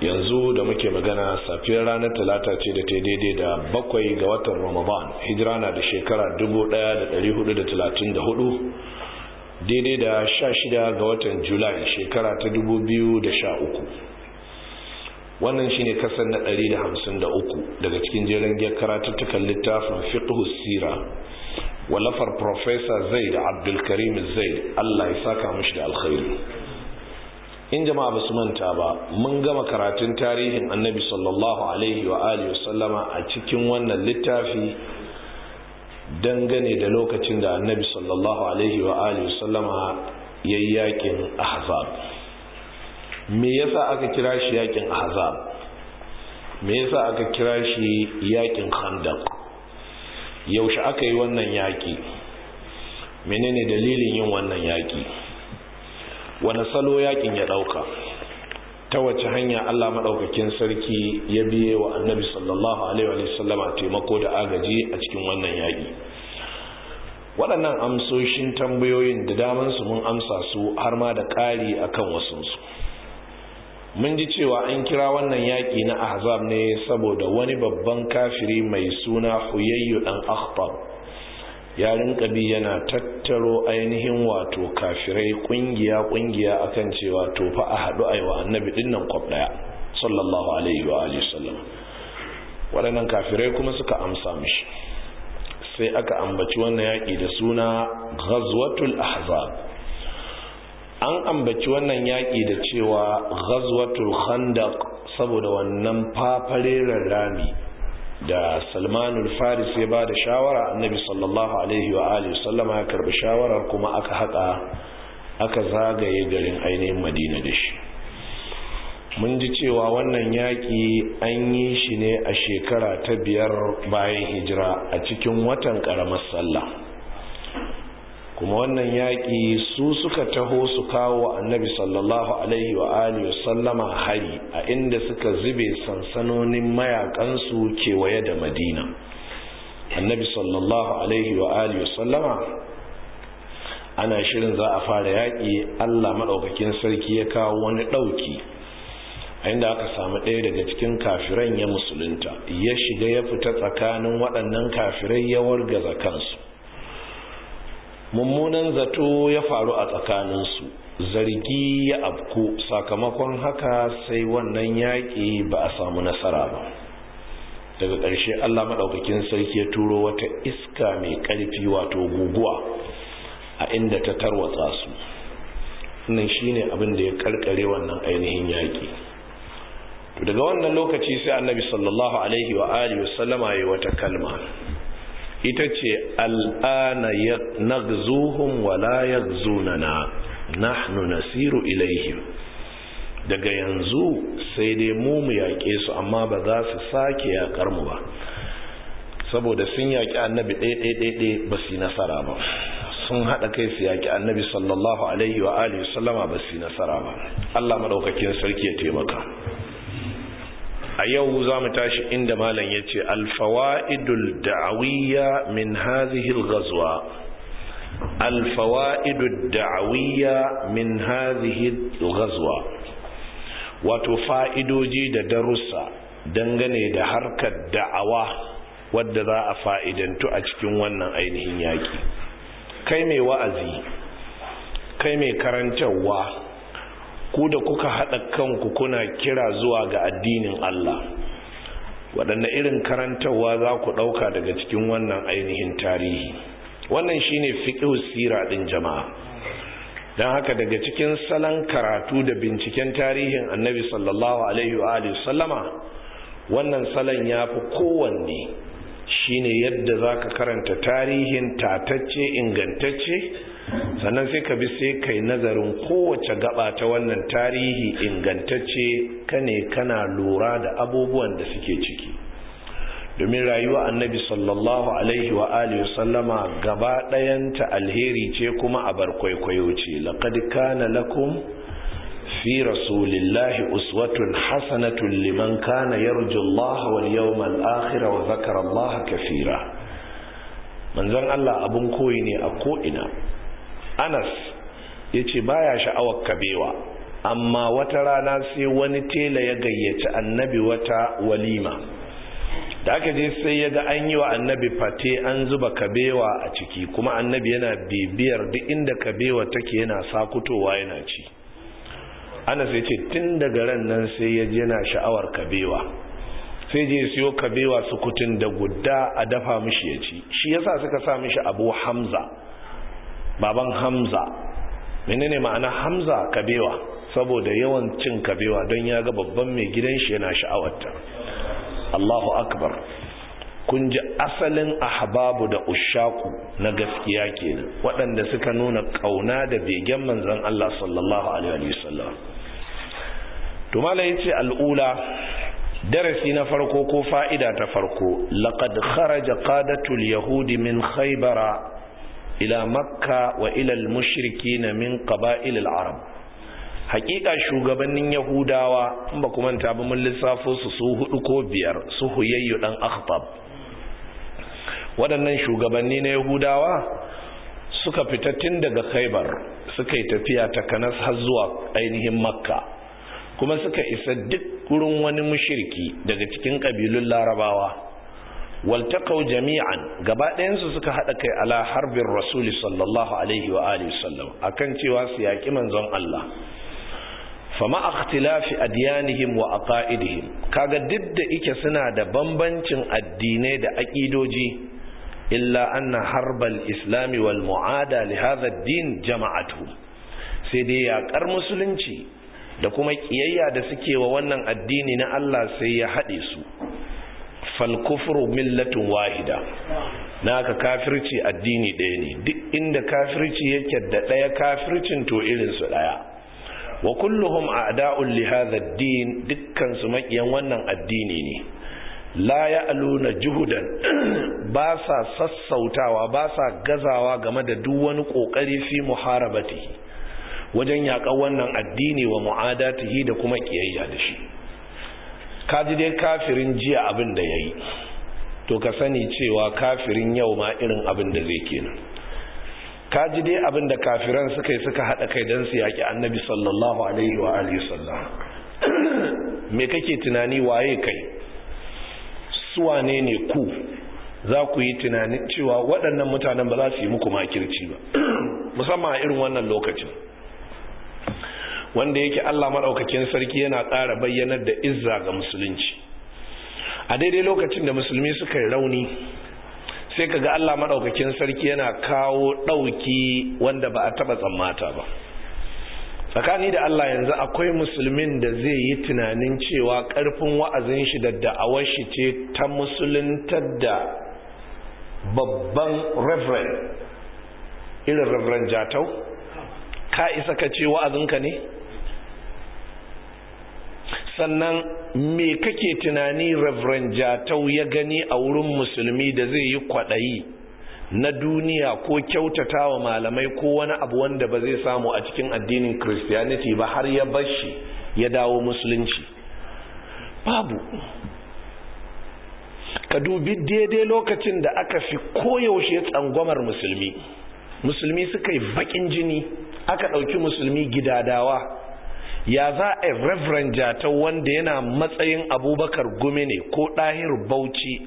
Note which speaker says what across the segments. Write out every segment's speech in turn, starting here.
Speaker 1: yanzu da muke magana safiyar ranar talata ce da ta daidai da bakwai ga watan ramadan hijira na da shekara 1434 daidai da 16 ga watan julai shekara ta 2013 wannan shine kasar na 153 daga cikin jerin ta karatuttukan littafin fiqhu sira Profesa zai da abdulkarim zai allah ya saka mushi da alkhairi in jama'a ba su manta ba mun gama karatun tarihin annabi sallallahu alaihi wa alihi sallama a cikin wannan littafi dangane da lokacin da annabi sallallahu alaihi wa alihi sallama ya yi yakin ahzab me yasa aka kira shi yakin ahzab me yasa aka kira shi yakin khandaq yaushe aka yi wannan yaki menene dalilin yin wannan yaki wani salo yakin ya dauka ta wace hanya Allah madaukakin sarki ya biye wa annabi sallallahu alaihi wa sallama taimako da agaji a cikin wannan yaƙi? waɗannan amsoshin tambayoyin da daman su mun amsa su har ma da ƙari akan wasu su mun ji cewa an kira wannan yaƙi na ahzab ne saboda wani babban kafiri mai suna huyayyu dan akhtar Yarin kabi na yana tattaro ainihin wato kafirai kungiya kungiya akan cewa to fa a hadu aiwa annabi dinnan kwab daya sallallahu alaihi wa alihi sallam waɗannan kafirai kuma suka amsa mishi sai aka ambaci wannan yaƙi da suna ghazwatul ahzab an ambaci wannan yaƙi da cewa ghazwatul khandaq saboda wannan fafarerar rami da salmanul faris ya ba da shawara annabi sallallahu alaihi wa alihi sallama ya karbi shawarar kuma aka haka aka zagaye garin ainihin madina da shi mun ji cewa wannan yaƙi an yi shi ne a shekara ta biyar bayan hijira a cikin watan ƙaramar sallah kuma wannan yaƙi su suka taho su kawo annabi sallallahu alaihi wa alihi sallama hari a inda suka zube sansanonin mayakansu kewaye da madina annabi sallallahu alaihi wa alihi sallama ana shirin za a fara yaƙi allah maɗaukakin sarki ya kawo wani ɗauki a inda aka samu ɗaya daga cikin kafiran ya musulunta ya shiga ya fita tsakanin waɗannan kafirai ya wargaza kansu mummunan zato ya faru a tsakaninsu zargi ya afko sakamakon haka sai wannan yaƙi ba a samu nasara ba daga ƙarshe allah maɗaukakin sarki ya turo wata iska mai ƙarfi wato guguwa a inda ta tarwatsa su nan shine abin da ya karkare wannan ainihin yaƙi daga wannan lokaci sai annabi sallallahu alaihi wa alihi wasallama ya wata kalma ita ce al'ana nagzuhum wala na, na nasiru ilaihim daga yanzu sai dai mu mu yaƙe su amma ba za su sake yaƙar mu ba saboda sun yaƙi annabi ɗaiɗaiɗaiɗai ba su yi nasara ba sun haɗa kai su yaƙi annabi sallallahu alaihi wa alihi sallama ba su yi nasara ba Allah maɗaukakin sarki ya taimaka a yau za mu tashi inda malam ya ce alfawa'idul da'awiyya min hazihil gazuwa alfawa'idul da'awiyya min hazihil gazuwa wato fa'idoji da darussa dangane da harkar da'awa wadda za a fa'idantu a cikin wannan ainihin yaƙi kai mai wa'azi kai mai karantarwa ku da kuka haɗa kanku kuna kira zuwa ga addinin Allah waɗanne irin karantarwa za ku ɗauka daga cikin wannan ainihin tarihi wannan shine fiqh sira ɗin jama'a don haka daga cikin salon karatu da binciken tarihin annabi sallallahu alaihi wa alihi sallama wannan salon ya fi kowanne shine yadda za ka karanta tarihin tatacce ingantacce sannan sai ka bi sai kai nazarin kowace gaba ta wannan tarihi ingantacce kane kana lura da abubuwan da suke ciki domin rayuwa annabi sallallahu alaihi wa alihi sallama gaba ɗayanta alheri ce kuma a bar kwaikwayo ce laqad kana lakum fi rasulillahi uswatun hasanatun liman kana yarju Allah wal yawmal akhir wa zakara Allah kaseera manzon Allah abun koyi ne a ko ina anas ya ce ba ya sha'awar kabewa amma wata rana sai wani tela ya gayyaci annabi wata walima da aka je sai ya ga an yi wa annabi fate an zuba kabewa a ciki kuma annabi yana bibiyar duk inda kabewa take yana sakutowa yana ci Anas ya ce tun daga ran nan sai ya yana sha'awar kabewa sai je siyo kabewa su kutun da guda a dafa mishi ya ci shi yasa suka sa mishi abu hamza baban hamza menene ma'ana hamza kabewa saboda yawan cin kabewa don ya ga babban mai gidan shi yana sha'awarta Allahu akbar kun ji asalin ahbabu da ushaku na gaskiya kenan waɗanda suka nuna kauna da begen manzon Allah sallallahu alaihi wasallam al'ula darasi na farko ko fa'ida ta farko laqad kharaja qadatul yahudi min khaybara ila makka wa ilal mushriki na min qaba'ilil arab hakika shugabannin yahudawa in ba kuma ta ba mun lissafo su su hudu ko biyar su huyayyu dan akhtab waɗannan shugabanni na yahudawa suka fita tun daga khaybar suka yi tafiya ta kanas har zuwa ainihin makka kuma suka isa duk wurin wani mushirki daga cikin ƙabilun larabawa waltaqaw jami'an gaba ɗayan su suka hada kai ala harbin rasul sallallahu alaihi wa alihi sallam akan cewa su yaki manzon Allah fama ikhtilafi adyanihim wa aqaidihim kaga duk da ike suna da bambancin addinai da aqidoji illa anna harbal islami wal mu'ada li hadha ad-din jama'atu sai dai yaƙar musulunci da kuma kiyayya da suke wa wannan addini na Allah sai ya haɗe su kufru millatun wahida na ka kafirci addini ɗaya ne duk inda kafirci yake da ɗaya kafircin to irinsu ɗaya wa kulluhum a'da'un li hadha ad-din dukkan su makiyan wannan addini ne la ya'luna juhudan ba sa sassautawa ba sa gazawa game da duk wani kokari fi muharabati wajen yaƙar wannan addini wa mu'adatihi da kuma kiyayya da shi ka ji dai kafirin jiya abin da ya yi to ka sani cewa kafirin yau ma irin abin da zai kenan ka ji dai abin da kafiran suka yi suka haɗa kai don su yaƙi annabi sallallahu alaihi wa alaihi sallallahu me kake tunani waye kai suwa ne ku za ku yi tunanin cewa waɗannan mutanen ba za su yi muku makirci ba musamman a irin wannan lokacin wanda yake Allah maɗaukakin sarki yana ƙara bayyanar da izza ga musulunci a daidai lokacin da musulmi suka yi rauni sai ka ga Allah maɗaukakin sarki yana kawo ɗauki wanda ba a taɓa tsammata ba tsakani da Allah yanzu akwai musulmin da zai yi tunanin cewa ƙarfin wa'azin shi da da'awar shi ce ta musuluntar da babban reverend irin reverend jatau ka isa ka ce wa'azinka ne sannan me kake tunani reverend jatau ya gani a wurin musulmi da zai yi kwaɗayi na duniya ko kyautata wa malamai ko wani abu wanda ba zai samu a cikin addinin christianity ba har ya bashi ya dawo musulunci babu ka dubi daidai lokacin da aka fi koyaushe tsangwamar musulmi musulmi suka yi bakin jini aka ɗauki musulmi gidadawa ya za a reverend jata wanda yana matsayin abubakar gumi ne ko ɗahir bauchi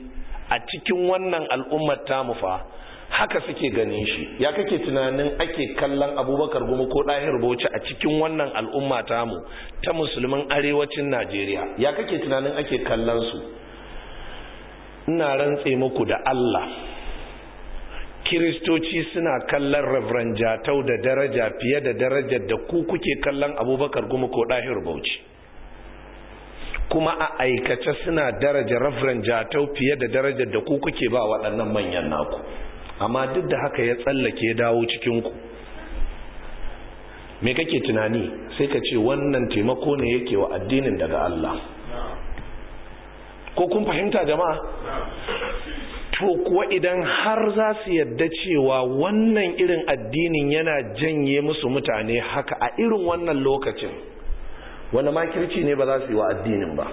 Speaker 1: a cikin wannan al'ummar tamu fa haka suke ganin shi ya kake tunanin ake kallon abubakar gumi ko ɗahir bauchi a cikin wannan al'umma tamu ta musulmin arewacin najeriya ya kake tunanin ake kallon su ina rantse muku da allah kiristoci suna kallon reverend jatau da daraja fiye da darajar da ku kuke kallon abubakar gumu ko ɗahir bauchi kuma a aikace suna daraja reverend jatau fiye da darajar da ku kuke ba waɗannan manyan naku amma duk da haka ya tsallake ya dawo cikinku me kake tunani sai ka ce wannan taimako ne yake wa addinin daga Allah ko kun fahimta jama'a to kuwa idan har za su yadda cewa wannan irin addinin yana janye musu mutane haka a irin wannan lokacin wanda makirci ne ba za su yi wa addinin ba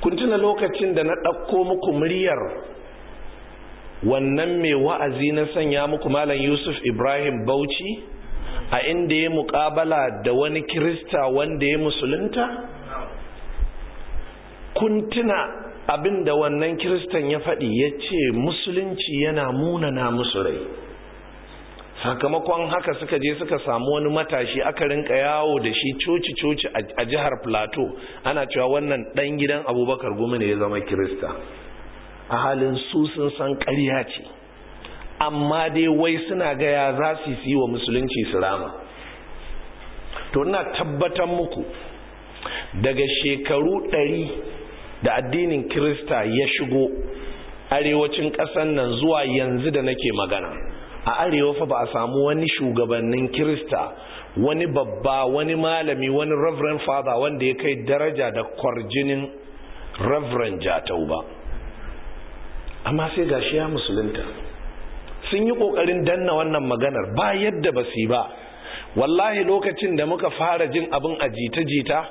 Speaker 1: kun tuna lokacin da na ɗauko muku muryar wannan mai wa'azi na sanya muku malam yusuf ibrahim bauchi a inda ya muƙabala da wani kirista wanda ya musulunta kun tuna abin da wannan kiristan ya faɗi ya ce musulunci yana munana musu rai sakamakon haka suka je suka samu wani matashi aka rinka yawo da shi coci-coci a jihar plateau ana cewa wannan ɗan gidan abubakar gumi ne ya zama kirista a halin su sun san ƙarya ce amma dai wai suna gaya za su yi wa musulunci su rama to ina tabbatar muku daga shekaru ɗari da addinin kirista ya shigo arewacin ƙasar nan zuwa yanzu da nake magana a arewa fa ba a samu wani shugabannin kirista wani babba wani malami wani reverend father wanda ya kai daraja da kwarjinin reverend jatau ba amma sai gashi ya musulunta sun yi ƙoƙarin danna wannan maganar ba yadda ba su yi ba wallahi lokacin da muka fara jin abin a jita-jita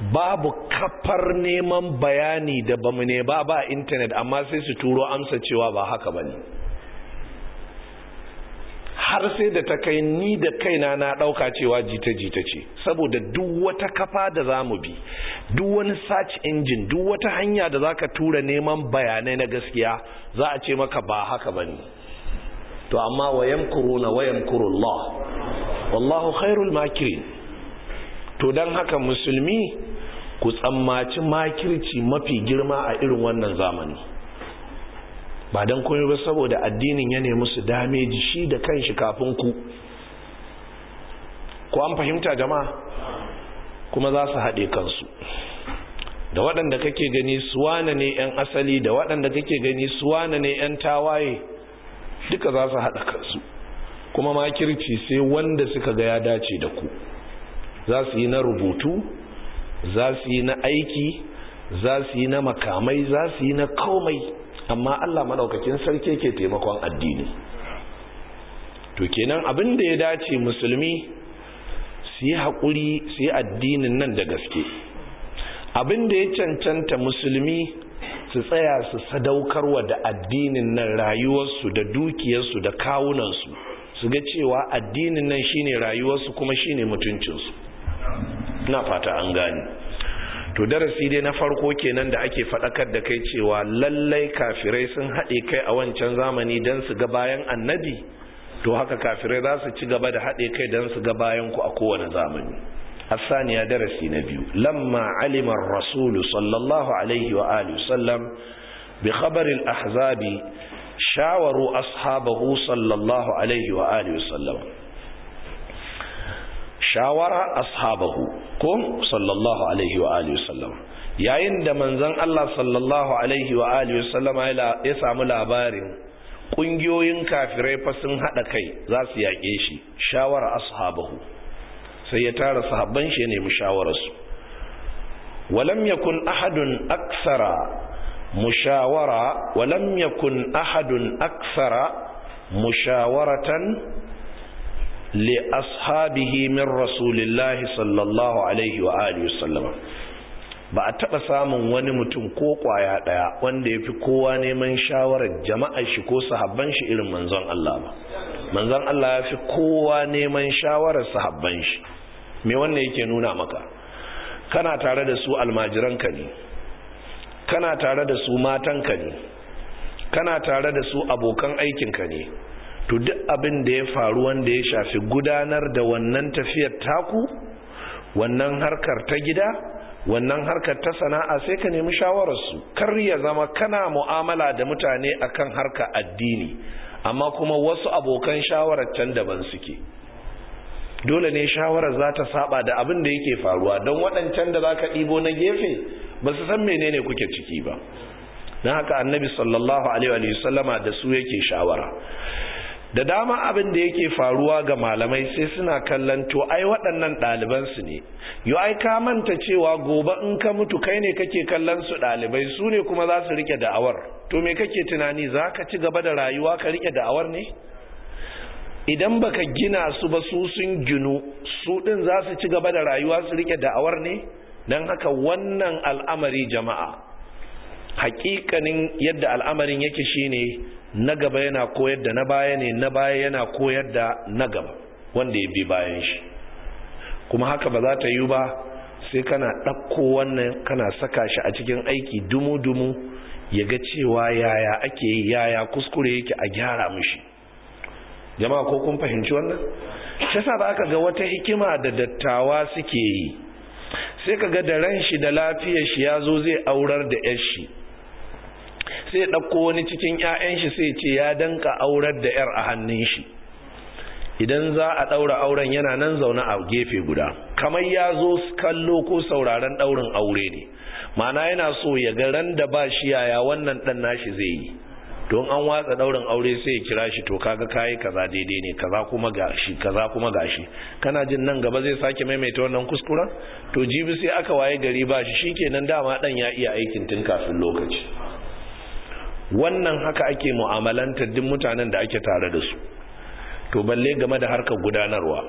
Speaker 1: babu kafar neman bayani da bamu ne ba ba intanet amma sai su turo amsa cewa ba haka ba ne har sai da ta kai ni da kaina na ɗauka cewa jita-jita ce saboda duk wata kafa da za mu bi duk wani search engine duk wata hanya da za ka tura neman bayanai na gaskiya za a ce maka ba haka ba ne to amma wayan na wayan Allah wallahu khairul makirin to don haka musulmi ku tsammaci makirci mafi girma a irin wannan zamani ba don kuma ba saboda addinin ya nemi su dameji shi da kanshi kafin ku ku an fahimta jama'a kuma za su haɗe kansu da waɗanda kake gani suwana ne 'yan asali da waɗanda kake gani suwana ne 'yan tawaye duka za su haɗa kansu kuma makirci sai wanda suka ga ya dace da ku za su yi na rubutu za su yi na aiki za su yi na makamai za su yi na komai amma Allah madaukakin sarki ke taimakon addini to kenan abin da ya dace musulmi su yi haƙuri su yi addinin nan da gaske abin da ya cancanta musulmi su tsaya su sadaukarwa da addinin nan rayuwarsu da dukiyarsu da kawunansu su ga cewa addinin nan shine rayuwarsu kuma shine mutuncinsu na fata an gani to darasi dai na farko kenan da ake faɗakar da kai cewa lallai kafirai sun haɗe kai a wancan zamani dan su ga bayan annabi to haka kafirai za su ci gaba da haɗe kai dan su ga bayan ku a kowane zamani asaniya darasi na biyu lamma aliman rasulu sallallahu alaihi wa alihi sallam bi khabaril ahzabi shawaru ashabahu sallallahu alaihi wa alihi sallam shawara ashabahu ko sallallahu alaihi wa alihi wasallam yayin da manzon Allah sallallahu alaihi wa alihi sallam ya samu labarin kungiyoyin kafirai fa sun hada kai za su yake shi shawara ashabahu sai ya tara sahabban shi ne mushawarar su walam yakun ahadun aksara mushawara walam yakun ahadun aksara mushawaratan li ashabihi min rasulillahi sallallahu alaihi wa alihi ba a taɓa samun wani mutum ko ƙwaya ɗaya wanda ya fi kowa neman shawarar jama'ar shi ko sahabban shi irin manzon Allah ba manzon Allah ya fi kowa neman shawarar sahabban shi me wannan yake nuna maka kana tare da su almajiran ka ne kana tare da su matan ka ne kana tare da su abokan aikin ka ne to duk abin da ya faru wanda ya shafi gudanar da wannan tafiyar taku wannan harkar ta gida wannan harkar ta sana'a sai ka nemi shawararsu kar ya zama kana mu'amala da mutane akan harkar addini amma kuma wasu abokan shawarar can daban suke dole ne shawarar za ta saba da abin da yake faruwa don waɗancan da za ka ɗibo na gefe ba su san menene kuke ciki ba Na haka annabi sallallahu alaihi wasallama da su yake shawara da dama abin da yake faruwa ga malamai sai suna kallon to ai waɗannan ɗaliban su ne yo ai ka manta cewa gobe in ka mutu kai ne kake kallon su ɗalibai su ne kuma za su rike da'awar to me kake tunani za ka ci gaba da rayuwa ka rike da'awar ne idan baka gina su ba su sun ginu su ɗin za su ci gaba da rayuwa su rike da'awar ne don haka wannan al'amari jama'a hakikanin yadda al'amarin yake shine na gaba yana koyar da na baya ne na baya yana koyar da na gaba wanda ya bi bayan shi kuma haka ba za ta yi ba sai kana ɗakko wannan kana saka shi a cikin aiki dumu-dumu ya ga cewa yaya ake yi yaya kuskure yake a gyara mishi jama'a ko kun fahimci wannan shi sa ba aka ga wata hikima da dattawa suke yi sai ka ga da ran shi da lafiyar shi ya zo zai aurar da 'yar shi sai ɗauko wani cikin 'ya'yan shi sai ce ya danka aurar da 'yar a hannun shi idan za a ɗaura auren yana nan zaune a gefe guda kamar ya zo kallo ko sauraron ɗaurin aure ne ma'ana yana so ya ga ran da ba shi yaya wannan ɗan nashi zai yi don an watsa ɗaurin aure sai ya kira shi to kaga kayi kaza daidai ne kaza kuma gashi kaza kuma gashi kana jin nan gaba zai sake maimaita wannan kuskuren to jibi sai aka waye gari ba shi shikenan dama ɗan ya iya aikin tun kafin lokaci wannan haka ake mu'amalantar duk mutanen da ake tare da su to balle game da harkar gudanarwa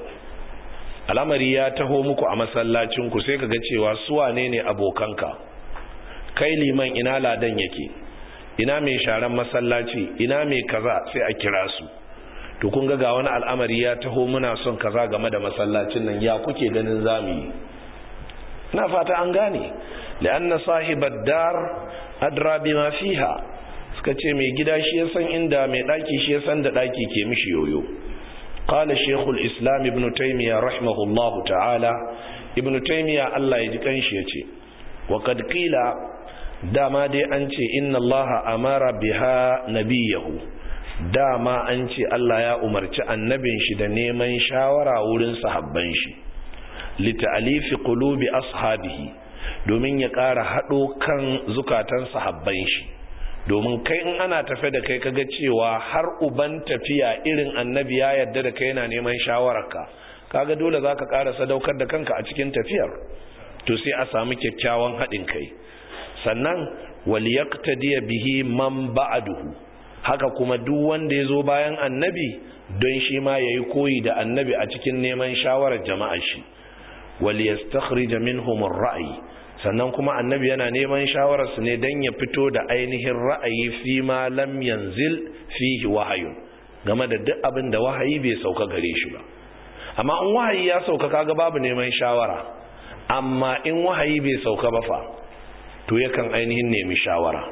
Speaker 1: al'amari ya taho muku a masallacinku sai ka ga cewa suwa ne ne abokanka kai liman ina ladan yake ina mai sharan masallaci ina mai kaza sai a kira su to kun ga wani al'amari ya taho muna son kaza game da masallacin nan ya kuke ganin zamu yi ina fata an gane la'anna sahibad dar adra bima fiha suka ce mai gida shi ya san inda mai ɗaki shi ya san da ɗaki ke mishi yoyo qala shaykhul islam ibn taymiya rahimahullahu ta'ala ibn taymiya Allah ya ji kanshi yace wa kad qila dama dai an ce inna Allah amara biha nabiyahu dama an ce Allah ya umarci annabin shi da neman shawara wurin sahabban shi li qulubi ashabihi domin ya ƙara haɗo kan zukatan sahabban shi domin kai in ana tafe da kai kaga cewa har uban tafiya irin annabi ya yarda da kai yana neman shawararka kaga dole za ka ƙara sadaukar da kanka a cikin tafiyar to sai a samu kyakkyawan haɗin kai sannan waliyaqtadiya bihi man ba'duhu haka kuma duk wanda ya zo bayan annabi don shi ma yayi koyi da annabi a cikin neman shawarar jama'a shi waliyastakhrij minhum ar-ra'y sannan kuma annabi yana neman shawararsu ne don ya fito da ainihin ra'ayi fi ma lam yanzil fihi wahayun game da duk abin da wahayi bai sauka gare shi ba amma in wahayi ya sauka kaga babu neman shawara amma in wahayi bai sauka ba fa to yakan ainihin nemi shawara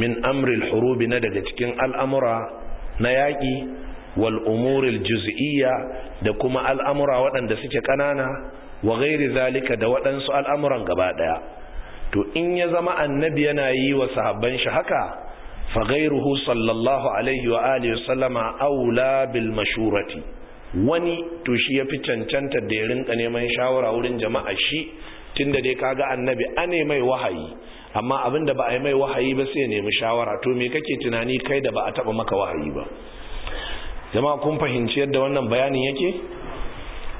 Speaker 1: min amril hurubi na daga cikin al'amura na yaƙi wal umuril juz'iyya da kuma al'amura waɗanda suke ƙanana wa gairi zalika da waɗansu al'amuran gaba ɗaya to in ya zama annabi yana yi wa sahabban shi haka fa gairuhu sallallahu alaihi wa alihi sallama aula bil mashurati wani to shi ya fi cancanta da ya rinka neman shawara wurin jama'a shi tunda dai kaga annabi ane mai wahayi amma abin da ba a yi mai wahayi ba sai ya nemi shawara to me kake tunani kai da ba a taba maka wahayi ba jama'a kun fahimci yadda wannan bayanin yake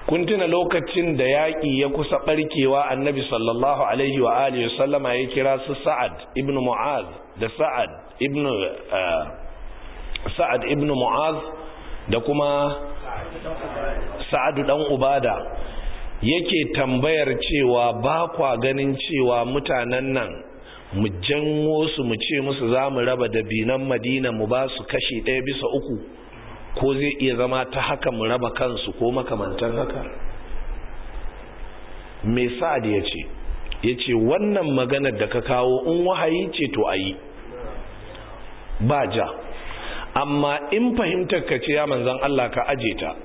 Speaker 1: kun tuna lokacin da yaƙi ya kusa ɓarkewa annabi sallallahu alaihi wa alihi sallama ya kira su sa'ad ibn mu'az da sa'ad ibn eh, sa'ad ibn mu'az da kuma sa'adu dan ubada yake tambayar cewa ba kwa ganin cewa mutanen nan mu janwo su mu ce musu za mu raba dabinan madina mu ba su kashi ɗaya bisa uku ko zai iya zama ta haka mu raba kansu ko makamantan haka me sa'ad ya ce ya ce wannan maganar da ka kawo in wahayi ce to a yi ba ja amma in fahimtar ka ce ya manzan Allah ka aje ta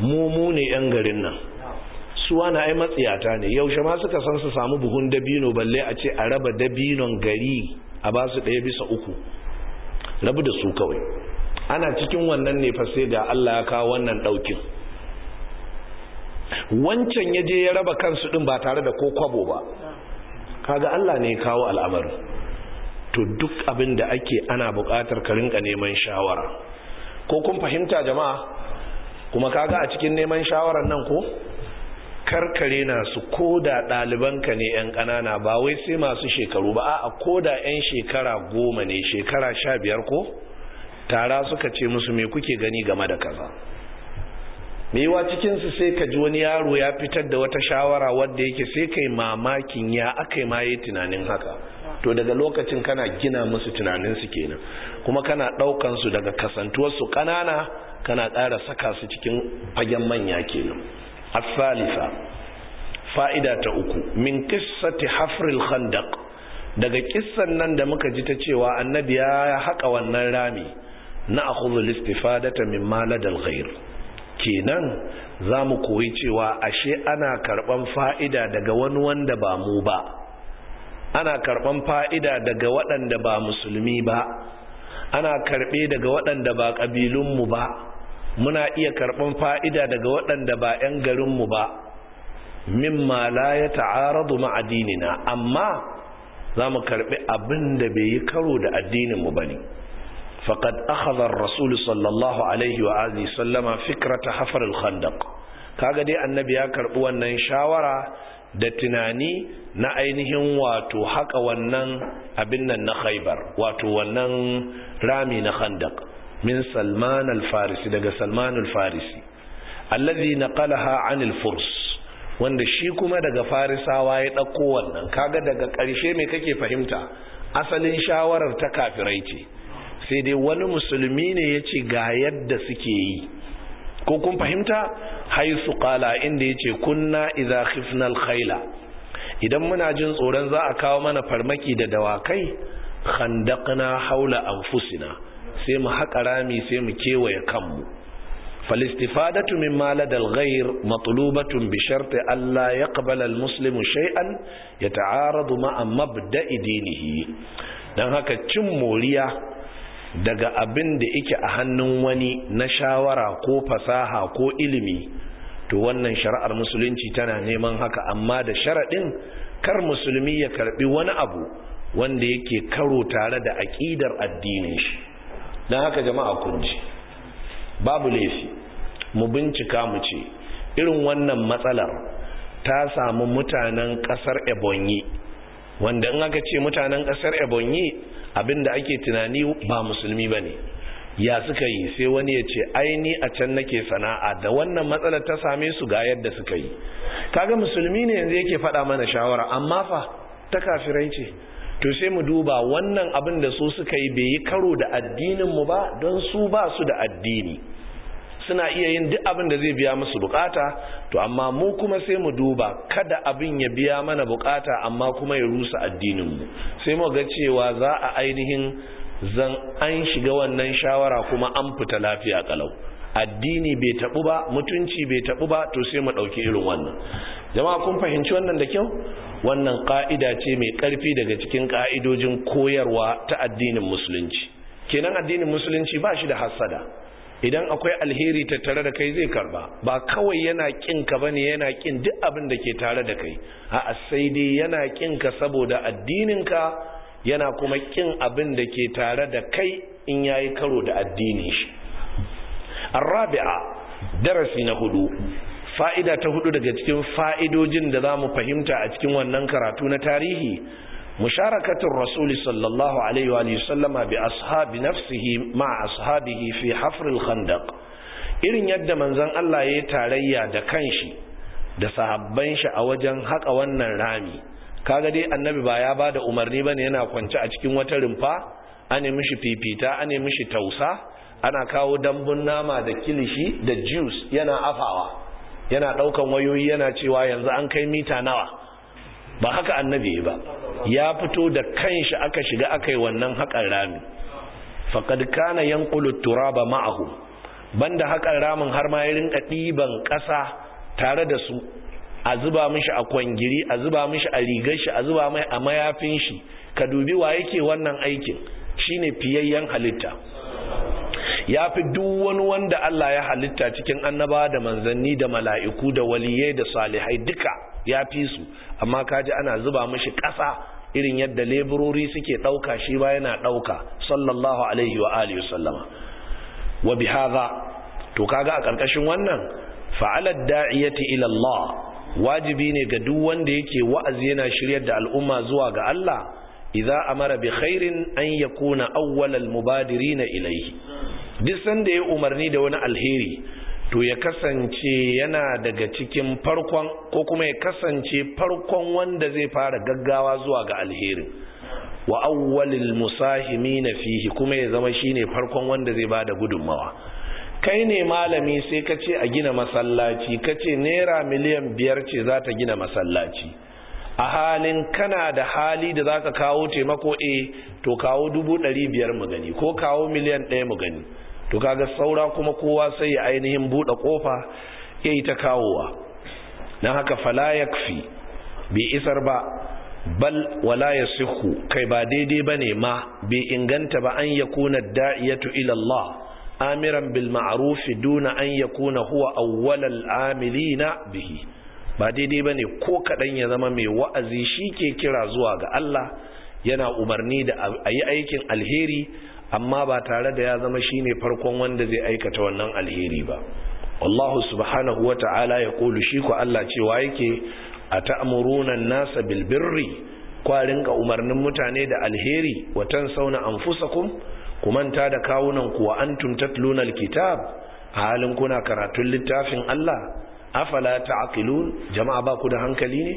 Speaker 1: mumu ne yan garin nan suwa na ai matsiyata ne yaushe ma suka san su samu buhun dabino balle a ce a raba dabinon gari a basu ɗaya bisa uku rabu da su kawai ana cikin wannan ne fa sai Allah ya kawo wannan daukin wancan ya je ya raba kansu din ba tare da ko kwabo ba kaga Allah ne ya kawo al'amarin to duk abin da ake ana buƙatar ka rinka neman shawara ko kun fahimta jama'a kuma kaga a cikin neman shawaran nan ko karkare na su koda ɗalibanka ne 'yan ƙanana ba wai sai masu shekaru ba a koda 'yan shekara goma ne shekara sha biyar ko tara suka ce musu me kuke gani game da kaza maiwa cikinsu sai ka ji wani yaro ya fitar da wata shawara wadda yake sai kai mamakin ya aka ma yi tunanin haka to daga lokacin kana gina musu tunanin su kenan kuma kana su daga kasantuwarsu ƙanana kana ƙara saka su cikin fagen manya kenan asalisa fa'ida ta uku min kissati hafril khandaq daga kissan nan da muka ji ta cewa annabi ya haƙa wannan rami na akhudhu listifadata min ladal ghayr kenan zamu koyi cewa ashe ana karban fa'ida daga wani wanda ba mu ba ana karban fa'ida daga waɗanda ba musulmi ba ana karɓe daga waɗanda ba kabilun mu ba muna iya karɓan fa'ida daga waɗanda ba ‘yan garin mu ba mimma la ya ta'aradu ma'adinina amma zamu mu karɓi abin bai yi karo da addinin mu bane فقد أخذ الرسول صلى الله عليه وآله وسلم فكرة حفر الخندق kaga dai annabi ya karbi wannan shawara da tunani na ainihin wato haka wannan abin nan na khaibar wato wannan rami na khandaq min salman al-farisi daga salman al-farisi allazi naqalaha an al-furs wanda shi kuma daga farisawa ya dauko wannan kaga daga ƙarshe me kake fahimta asalin shawarar ta kafirai ce sai dai wani musulmi ne ya ce ga yadda suke yi ko kun fahimta su kala inda ya ce kunna idha khifnal khaila idan muna jin tsoron za a kawo mana farmaki da dawakai khandaqna haula anfusina sai mu haƙa rami sai mu kewaye kanmu فالاستفادة مما لدى الغير مطلوبة بشرط ألا يقبل المسلم شيئا يتعارض مع مبدأ دينه dan haka cin moriya daga abin da yake a hannun wani na shawara ko fasaha ko ilimi to wannan shari'ar musulunci tana neman haka amma da sharaɗin kar musulmi ya karbi wani abu wanda yake karo tare da aƙidar addinin shi don haka jama'a kunji babu laifi mu bincika mu ce irin wannan matsalar ta samu mutanen ƙasar ebonyi wanda in aka ce mutanen ƙasar ebonyi abinda ake tunani ba musulmi ba ne ya suka yi sai wani ya ce aini a can nake sana'a da wannan matsalar ta same su ga yadda suka yi kaga musulmi ne yanzu yake faɗa mana shawara amma fa ta kafirai ce to sai mu duba wannan abin da su suka yi bai yi karo da addinin mu ba don su ba su da addini suna iya yin duk abin da zai biya musu bukata to amma mu kuma sai mu duba kada abin ya biya mana bukata amma kuma ya rusa addininmu sai mu ga cewa za a ainihin zan an shiga wannan shawara kuma an fita lafiya kalau addini bai tabu ba mutunci bai tabu ba to sai mu ɗauki irin wannan jama'a kun fahimci wannan da kyau wannan ƙa'ida ce mai karfi daga cikin ƙa'idojin koyarwa ta addinin musulunci kenan addinin musulunci ba shi da hassada idan akwai alheri tattare da kai zai karba ba kawai yana kin ka bane yana kin duk abin da ke tare da kai a sai dai yana kin ka saboda addinin ka yana kuma kin abin da ke tare da kai in yayi karo da addinin shi arabi'a darasi na hudu fa'ida ta hudu daga cikin fa'idojin da zamu fahimta a cikin wannan karatu na tarihi مشاركة الرسول صلى الله عليه وآله bi ashabi nafsihi مع أصحابه في حفر khandaq irin yadda manzon Allah ya tarayya da kanshi da sahabban shi a wajen haƙa wannan rami kaga dai annabi ba ya ba da umarni bane yana kwance a cikin wata rumfa an nemi mishi fifita an mishi tausa ana kawo dambun nama da kilishi da juice yana afawa yana ɗaukan wayoyi yana cewa yanzu an kai mita nawa ba haka annabi ba ya fito da kanshi aka shiga aka yi wannan haƙar rami faƙad kana yanqulu turaba ma'ahu banda haƙar ramin har ma ya rinka ɗiban ƙasa tare da su a zuba mishi a kwangiri a zuba mishi a rigar shi a zuba mai a mayafin shi ka dubi wa yake wannan aikin shine fiyayyen halitta ya fi duk wani wanda Allah ya halitta cikin annaba da manzanni da mala'iku da waliyai da salihai duka ya fi su amma kaji ana zuba mashi ƙasa irin yadda leburori suke ɗauka shi ba yana ɗauka sallallahu alaihi wa alihi sallama wa bi haza to kaga a ƙarƙashin wannan fa'alar da'iyati ila Allah wajibi ne ga duk wanda yake wa'azi yana shiryar da al'umma zuwa ga Allah idza amara bi khairin an yakuna awwalal mubadirin ilayhi duk sanda ya umarni da wani alheri to ya kasance yana daga cikin farkon ko kuma ya kasance farkon wanda zai fara gaggawa zuwa ga alherin wa awwalil na fihi kuma ya zama shine farkon wanda zai bada gudunmawa kai ne malami sai ka ce a gina masallaci ka ce naira miliyan biyar ce za ta gina masallaci a halin kana da hali da za ka kawo taimako e to kawo dubu ɗari biyar mu gani ko kawo miliyan ɗaya mu gani to kaga saura kuma kowa sai ya ainihin bude kofa yayi ta kawowa Na haka fala yakfi Bai isar ba bal wala yasihu kai ba daidai bane ma bai inganta ba an yakuna da'iyatu ila amiran bil ma'ruf duna an kuna huwa awwalal amilina bihi ba daidai bane ko kadan ya zama mai wa'azi shi ke kira zuwa ga Allah yana umarni da ayi aikin alheri amma ba tare da ya zama shi ne farkon wanda zai aikata wannan alheri ba wallahu subhanahu ta'ala ya kulu shi ku Allah cewa yake a ta'amurunan nasa bilbirri kwarin ga umarnin mutane da alheri watan tansawna anfusakum ku manta da kawunan kuwa an antum Lunar kitab kitab halin kuna karatun littafin Allah afala ta akilu jama'a ba ku da hankali ne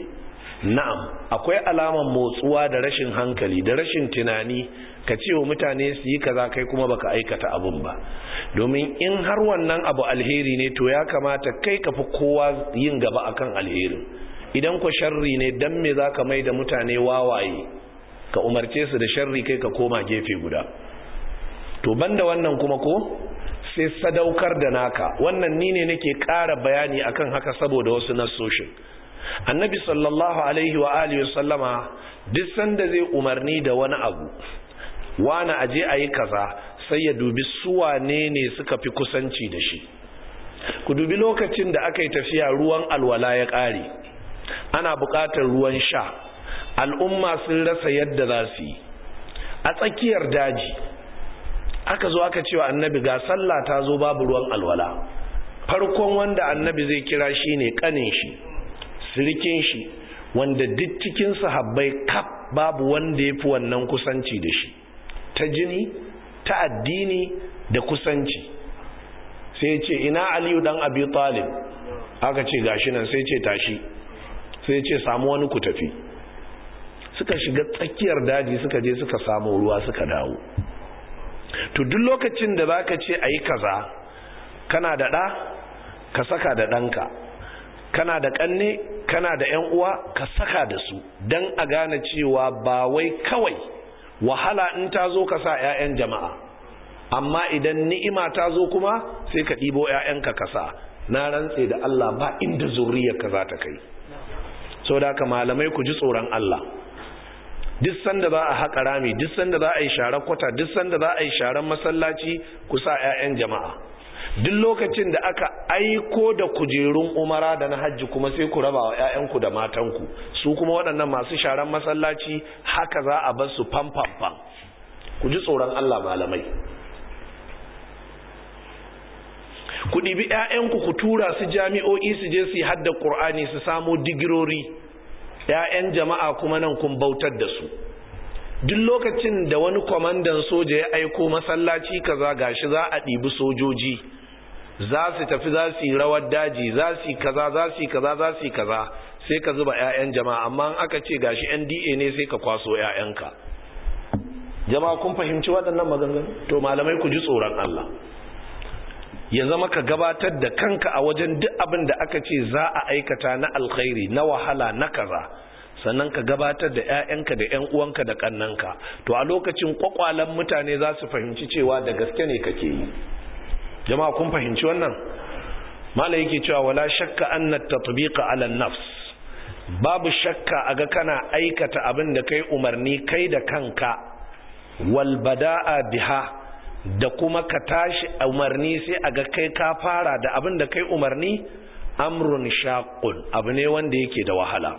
Speaker 1: na'am akwai alaman motsuwa da rashin hankali da rashin tunani ka ce wa mutane su yi kaza kai kuma baka aikata abun ba domin in har wannan abu alheri ne to ya kamata kai ka fi kowa yin gaba akan alheri idan ku sharri ne dan me za ka mai da mutane wawaye ka umarce su da sharri kai ka koma gefe guda to banda wannan kuma ko sai sadaukar da naka wannan ni ne nake ƙara bayani akan haka saboda wasu nasoshin annabi sallallahu alaihi wa alihi sallama duk sanda zai umarni da wani abu wani aje a yi kaza sai ya dubi su ne ne suka fi kusanci da shi ku dubi lokacin da aka yi tafiya ruwan alwala ya ƙare ana buƙatar ruwan sha al'umma sun rasa yadda za su yi a tsakiyar daji aka zo aka cewa annabi ga sallah ta zo babu ruwan alwala farkon wanda annabi zai kira shi ne kanin shi sirikin shi wanda duk cikin sahabbai kaf babu wanda ya fi wannan kusanci da shi ta jini ta addini da kusanci sai ce ina aliyu dan abi talib aka ce gashi nan sai ce tashi sai ce samu wani ku tafi suka shiga tsakiyar daji suka je suka samu ruwa suka dawo to duk lokacin da zaka ce ayi kaza kana da ɗa ka saka da ɗanka kana da ƙanne kana da 'yan uwa ka saka da su dan a gane cewa ba wai kawai wahala in ta zo ka sa 'ya'yan jama'a amma idan ni'ima ta zo kuma sai ka ɗibo 'ya'yanka ka sa na rantse da Allah ba inda ka za ta kai so da ka malamai ku ji tsoron Allah duk sanda za a haƙa rami duk sanda za a yi sharar kwata duk sanda za a yi sharan masallaci ku sa 'ya'yan jama'a duk lokacin da aka aiko da kujerun umara da na hajji kuma sai ku raba wa 'ya'yanku da matanku su kuma waɗannan masu sharan masallaci haka za a bar su ku ji tsoron Allah malamai ku ɗibi 'ya'yanku ku tura su jami'o'i su je su yi hadda ƙur'ani su samo digirori 'ya'yan jama'a kuma nan kun bautar da su duk lokacin da wani kwamandan soja ya aiko masallaci kaza gashi za a ɗibi sojoji za su tafi za su yi rawar daji za su yi kaza za su yi kaza za su yi kaza sai ka zuba 'ya'yan jama'a amma aka ce gashi NDA ne sai ka kwaso 'ya'yanka jama'a kun fahimci waɗannan maganganu to malamai ku ji tsoron Allah ya zama ka gabatar da kanka a wajen duk abin da aka ce za a aikata na alkhairi na wahala na kaza sannan ka gabatar da 'ya'yanka da 'yan uwanka da kannanka to a lokacin kwakwalan mutane za su fahimci cewa da gaske ne kake yi jama'a kun fahimci wannan malai yake cewa wala shakka anna tatbiqa ala nafs babu shakka aga kana aikata abin da kai umarni kai da kanka wal bada'a biha da kuma ka tashi umarni sai aga kai ka fara da abin da kai umarni amrun shaqqun abu ne wanda yake da wahala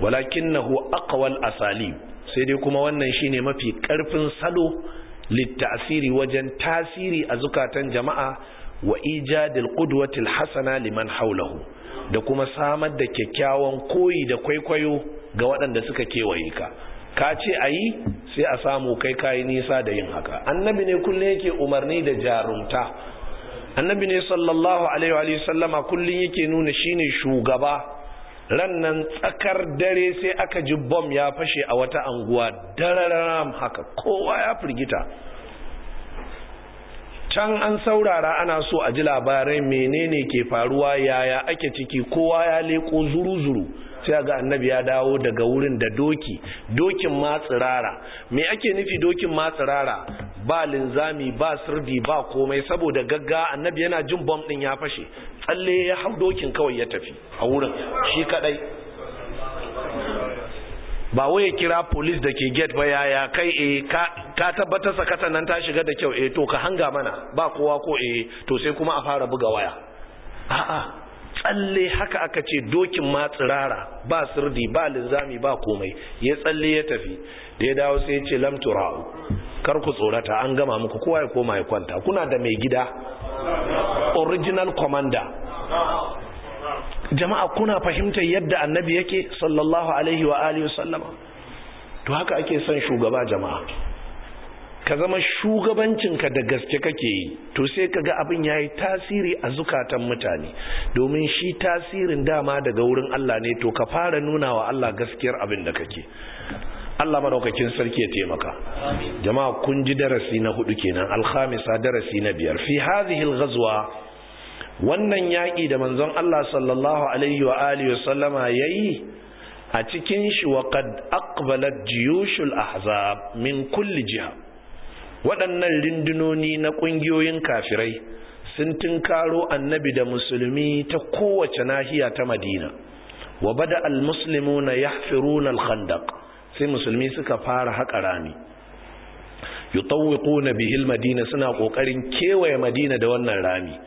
Speaker 1: walakinahu aqwal asalib sai dai kuma wannan shine mafi karfin salo littasiri wajen tasiri a zukatan jama'a wa ijadil qudwatil hasana liman haulahu da kuma samar da kyakkyawan koyi da kwaikwayo ga waɗanda suka kewaye ka ka ce a yi sai a samu kai kayi nisa da yin haka annabi ne kullum yake umarni da jarumta annabi ne sallallahu alaihi wa sallama kullum yake nuna shine shugaba rannan tsakar dare sai aka ji bom ya fashe a wata anguwa dararam haka kowa ya firgita can an saurara ana so a ji labarai menene ke faruwa yaya ake ciki kowa ya leko zuru-zuru sai ga annabi ya dawo daga wurin da doki dokin matsirara. me ake nufi dokin matsirara? ba linzami ba sirdi ba komai saboda gagga annabi yana jin bom din ya fashe tsalle ya hau dokin kawai ya tafi a wurin shi kadai ba waye kira police da ke gate ba yaya kai eh ka, tabbatar sakata nan ta shiga da kyau eh to ka hanga mana ba kowa ko eh to sai kuma a fara buga waya a'a tsalle haka aka ce dokin ma tsirara ba sirdi ba linzami ba komai ya tsalle ya tafi da ya dawo sai ya ce lam tura'u kar ku tsorata an gama muku kowa ya koma ya kwanta kuna da mai gida original commander jama'a kuna fahimtar yadda annabi yake sallallahu alaihi wa alihi wasallama to haka ake son shugaba jama'a ka zama shugabancinka da gaske kake yi to sai ka ga abin ya yi tasiri a zukatan mutane domin shi tasirin dama daga wurin Allah ne to ka fara nuna wa Allah gaskiyar abin da kake Allah madaukakin sarki ya taimaka jama'a kun ji darasi na hudu kenan alhamisa darasi na biyar fi hadhihi alghazwa wannan yaki da manzon Allah sallallahu alaihi wa alihi sallama yayi a cikin shi waqad aqbalat jiyushul ahzab min kulli jiha waɗannan rindunoni na ƙungiyoyin kafirai sun tunkaro annabi da musulmi ta kowace nahiya ta madina wa bada almuslimu na ya alkhandaq sai musulmi suka fara haƙa rami na bihil madina suna ƙoƙarin kewaye madina da wannan rami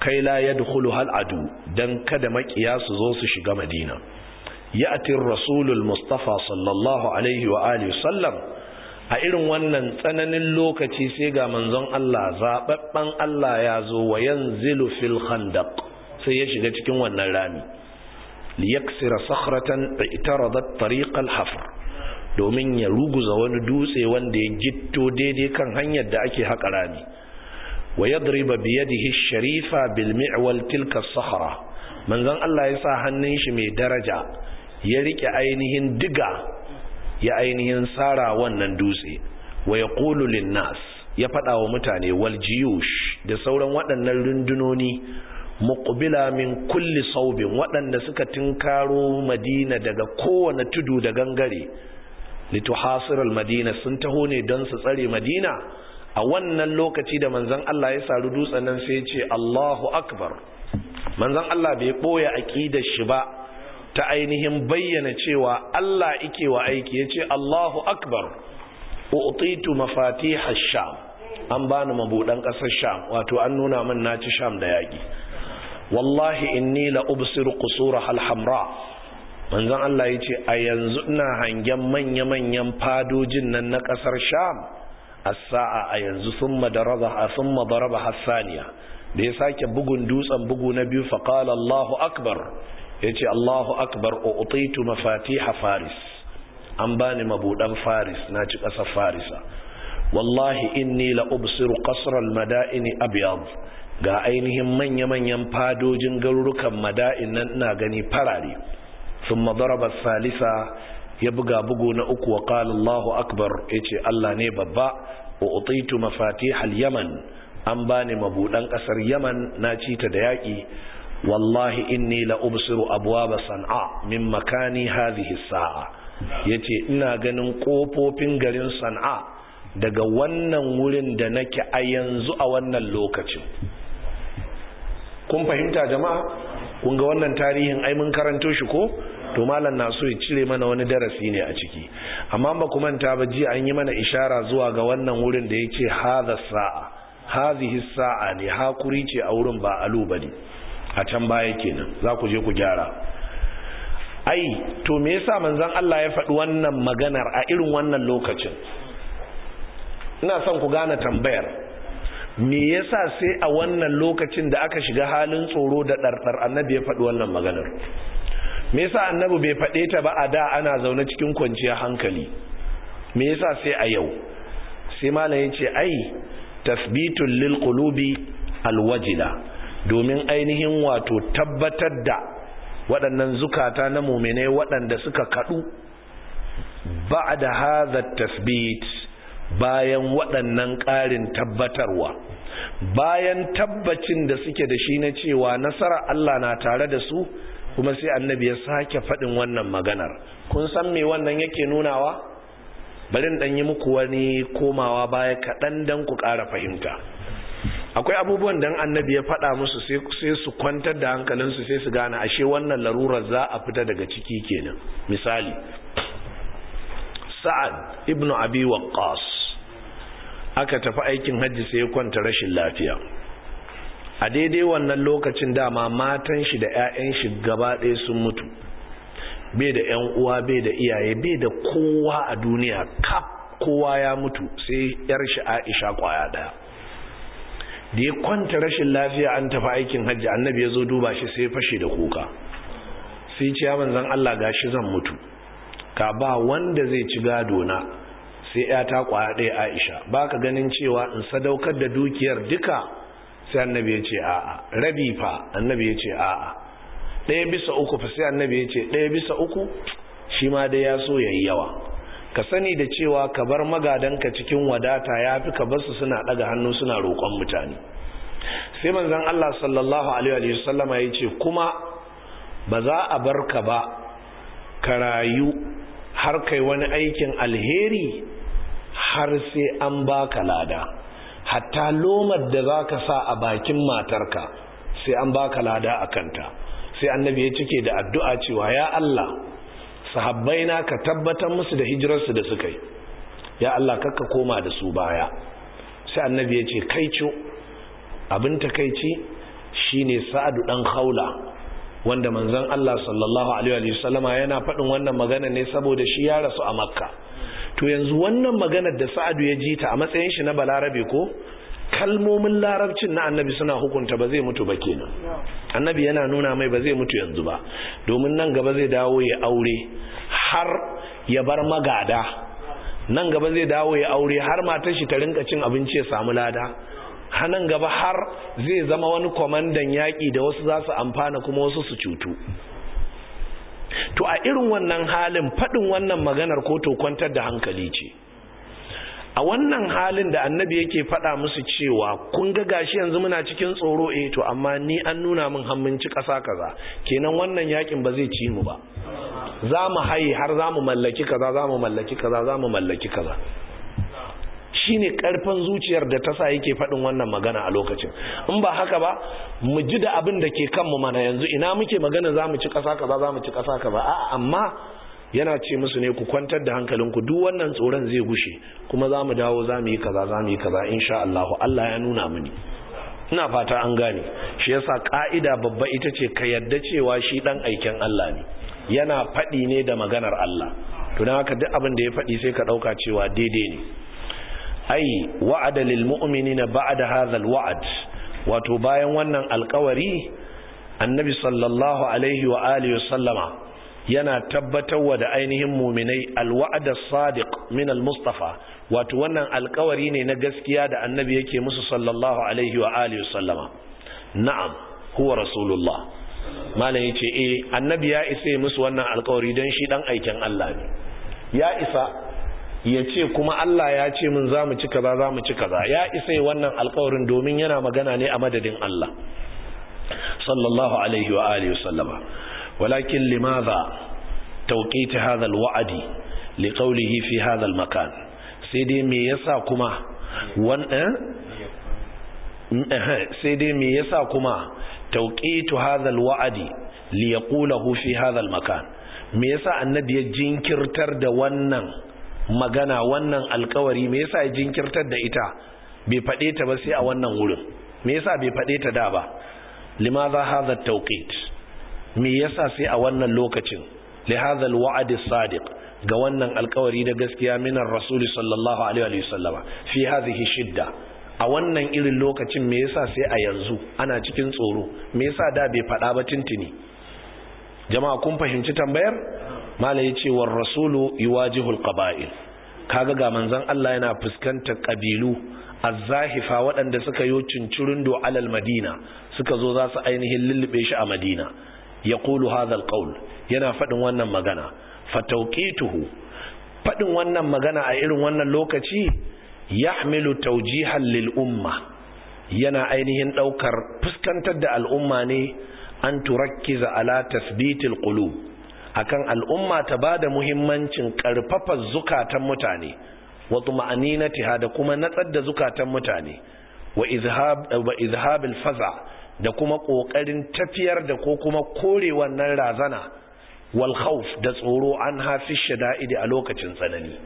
Speaker 1: kai la yadkhulu hal adu dan kada makiya su zo su shiga madina ya'ti rasulul mustafa sallallahu alaihi wa alihi sallam a irin wannan tsananin lokaci sai ga manzon Allah zaɓaɓɓen Allah ya zo wa yanzilu fil khandaq sai ya shiga cikin wannan rami liyaksira sakhratan itaradat tariq hafr domin ya ruguza wani dutse wanda ya gitto daidai kan hanyar da ake haƙa rami wa yadriba bi yadihi sharifa bil mi'wal tilka sakhra manzon Allah ya sa hannun shi mai daraja ya rike ainihin diga ya ainihin tsara wannan dutse wa ya nas ya faɗa wa mutane waljiyush da sauran waɗannan rundunoni muƙubila min kulli saubin waɗanda suka tinkaro madina daga kowane tudu da gangare lituhasiral madina sun taho ne don su tsare madina a wannan lokaci da manzan Allah ya saru dutsen nan sai ce Allahu akbar manzan Allah bai boye aƙidar shi ba ta ainihin bayyana cewa Allah ike wa aiki ya ce Allahu Akbar u'titu mafatihash sham an bani mabudan kasar sham wato an nuna min naci sham da yaki wallahi inni la ubsir qusura al hamra manzon Allah yace a yanzu ina hangen manya manyan fadojin nan na kasar sham as-sa'a a yanzu thumma darabaha thumma darabaha as-saniya da ya sake bugun dutsen bugu na biyu faqala Allahu akbar yace Allahu akbar utitu mafatiha faris an bani mabudan faris na ci ƙasar farisa wallahi inni la ubsiru qasra al madaini abyad ga ainihin manya-manyan fadojin garurukan mada'in nan ina gani farare sun madaraba salisa ya buga bugu na uku wa ƙala Allahu akbar yace Allah ne babba wa utaitu mafatihal yaman an bani mabuɗan ƙasar yaman na ci ta da yaƙi wallahi inni la ubsiru abwaba san'a min makani hadhihi sa'a yace ina ganin kofofin garin san'a daga wannan wurin da nake a yanzu a wannan lokacin kun fahimta jama'a kun ga wannan tarihin ai mun karanto shi ko to malam na so ya cire mana wani darasi ne a ciki amma ba ku manta ba ji an yi mana ishara zuwa ga wannan wurin da yace hadha sa'a hadhihi sa'a ne hakuri ce a wurin ba alu bane a can baya kenan za ku je ku gyara ai to me yasa manzon Allah ya faɗi wannan maganar a irin wannan lokacin ina son ku gane tambayar me yasa sai a wannan lokacin da aka shiga halin tsoro da ɗarɗar annabi ya faɗi wannan maganar me yasa annabi bai faɗe ta ba a da ana zaune cikin kwanciyar hankali me yasa sai a yau sai malam ya ce ai tasbitun lil qulubi alwajila domin ainihin wato tabbatar da waɗannan zukata na muminai waɗanda suka kaɗu ba da haza tasbit bayan waɗannan ƙarin tabbatarwa bayan tabbacin da suke da shi na cewa nasara Allah na tare da su kuma sai annabi ya sake faɗin wannan maganar kun san me wannan yake nunawa bari in ɗan yi muku wani komawa baya kaɗan don ku ƙara fahimta akwai abubuwan da annabi ya faɗa musu sai su kwantar da hankalinsu sai su gane ashe wannan larurar za a fita daga ciki kenan misali sa'ad ibn abi waqqas aka tafi aikin hajji sai ya kwanta rashin lafiya a daidai wannan lokacin dama matan shi da 'ya'yan shi gaba ɗaya sun mutu bai da 'yan uwa bai da iyaye bai da kowa a duniya kaf kowa ya mutu sai yar shi Aisha kwaya daya da ya kwanta rashin lafiya an tafi aikin hajji annabi ya zo duba shi sai fashe da kuka sai ce ya manzan Allah ga shi zan mutu ka ba wanda zai ci gado na sai ya ta kwa ɗaya Aisha ba ka ganin cewa in sadaukar da dukiyar duka sai annabi ya ce a'a rabi fa annabi ya ce a'a ɗaya bisa uku fa sai annabi ya ce ɗaya bisa uku shi ma dai ya so ya yi yawa ka sani da cewa ka bar magadanka cikin wadata ya fi ka basu suna daga hannu suna roƙon mutane sai manzan Allah sallallahu alaihi wasallama ya ce kuma ba za a bar ka ba ka rayu har kai wani aikin alheri har sai an baka lada hatta lomar da za ka sa a bakin matarka sai an baka lada a kanta sai annabi ya cike da addu'a cewa ya Allah sahabbai na ka tabbatar musu da hijirarsu da suka yi ya Allah kakka koma da su baya sai annabi ya ce kaicu abin takaici shine sa'adu dan haula wanda manzon Allah sallallahu alaihi wa sallama yana faɗin wannan magana ne saboda shi ya rasu a makka to yanzu wannan maganar da sa'adu ya ji ta a matsayin shi na balarabe ko kalmomin larabcin na annabi suna hukunta ba zai mutu ba kenan annabi yana nuna mai ba zai mutu yanzu ba domin nan gaba zai dawo ya aure har ya bar magada nan gaba zai dawo ya aure har matar shi ta rinka cin abinci ya samu lada hanan gaba har zai zama wani kwamandan yaƙi da wasu za su amfana kuma wasu su cutu to a irin wannan halin faɗin wannan maganar ko to kwantar da hankali ce a wannan halin da annabi yake faɗa musu cewa kun ga gashi yanzu muna cikin tsoro eh to amma ni an nuna min ci kasa kaza kenan wannan yakin ba zai ci mu ba za mu haye har za mu mallaki kaza za mu mallaki kaza za mu mallaki kaza Shi ne karfin zuciyar da ta sa yake faɗin wannan magana a lokacin in ba haka ba mu ji da abin da ke kanmu mana yanzu ina muke magana za mu ci ƙasa kaza za mu ci ƙasa kaza a'a amma yana ce musu ne ku kwantar da hankalinku duk wannan tsoron zai gushe kuma za mu dawo za mu yi kaza za mu yi kaza insha Allah Allah ya nuna mini ina fata an gane shi yasa ka'ida babba ita ce ka yadda cewa shi dan aikin Allah ne yana faɗi ne da maganar Allah to dan haka duk abin da ya faɗi sai ka ɗauka cewa daidai ne ai wa'ada lil mu'minina ba'da hadha al wa'd wato bayan wannan alƙawari annabi sallallahu alaihi wa alihi sallama yana tabbatarwa da ainihin muminai alwa'ada sadiq min almustafa wato wannan alkawari ne na gaskiya da annabi yake musu sallallahu alaihi wa alihi sallama na'am huwa rasulullah malam yace eh annabi ya isa musu wannan alkawari don shi dan aikin Allah ne ya isa ya ce kuma Allah ya ce min za mu ci kaza za mu ci kaza ya isa wannan alkawarin domin yana magana ne a madadin Allah sallallahu alaihi wa alihi sallama walakin limadha tawqit hadha alwa'di liqawlihi fi hadha sai dai me yasa kuma wannan sai dai me yasa me yasa annabi ya jinkirtar da wannan magana wannan alkawari me yasa ya jinkirtar da ita bai faɗe ta ba a wannan wurin me yasa bai faɗe ta da ba limaza hadha tawqit me yasa sai a wannan lokacin li hadha alwa'd sadiq ga wannan alkawari da gaskiya minan rasul sallallahu alaihi wa sallama fi hadhihi shidda a wannan irin lokacin me yasa sai a yanzu ana cikin tsoro me yasa da bai fada ba tintini jama'a kun fahimci tambayar malai yace war rasulu yuwajihul qaba'il kaga ga manzon Allah yana fuskantar kabilu azzahifa waɗanda suka yi cincirindo alal madina suka zo za su ainihin lullube shi a madina yaqulu hadha alqaul yana faɗin wannan magana fatauqituhu faɗin wannan magana a irin wannan lokaci yahmilu tawjihan lil umma yana ainihin daukar fuskantar da al'umma ne an turakkiza ala tasbitil qulub akan al'umma ta bada muhimmancin karfafa zukatan mutane wa tuma'aninatiha da kuma natsar da zukatan mutane wa izhab wa faza da kuma ƙoƙarin tafiyar da ko kuma kore wannan razana wal khawf da tsoro an hafi shada'idi a lokacin tsanani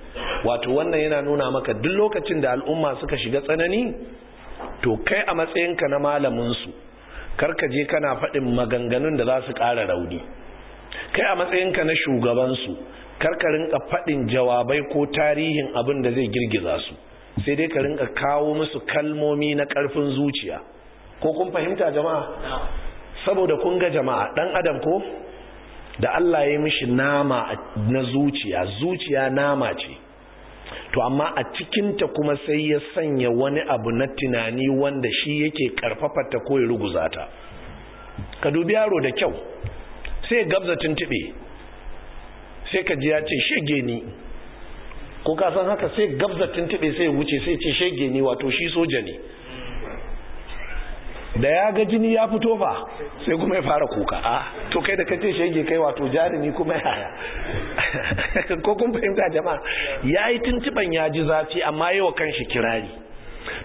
Speaker 1: wato wannan yana nuna maka duk lokacin da al'umma suka shiga tsanani to kai a matsayinka na malamin su karka je kana faɗin maganganun da za su ƙara rauni kai a matsayinka na shugaban su karka rinka faɗin jawabai ko tarihin abin da zai girgiza su sai dai ka rinka kawo musu kalmomi na ƙarfin zuciya ko kun fahimta jama'a saboda kun ga jama'a dan adam ko da Allah ya yi mishi nama na zuciya zuciya nama ce to amma a cikinta kuma sai ya sanya wani abu na tunani wanda shi yake karfafata ko ya ruguza ta ka dubi yaro da kyau sai gabza tuntube sai ka ji ya ce shege ni ko ka san haka sai gabza tuntube sai wuce sai ce shege ni wato shi soja ne da ya ga jini ya fito ba sai kuma ya fara kuka a ah, to kai da ka ce shege kai wato jarumi kuma yaya ko kun fahimta jama'a Ya yi tuntuban ya ji zafi amma yawa shi kirari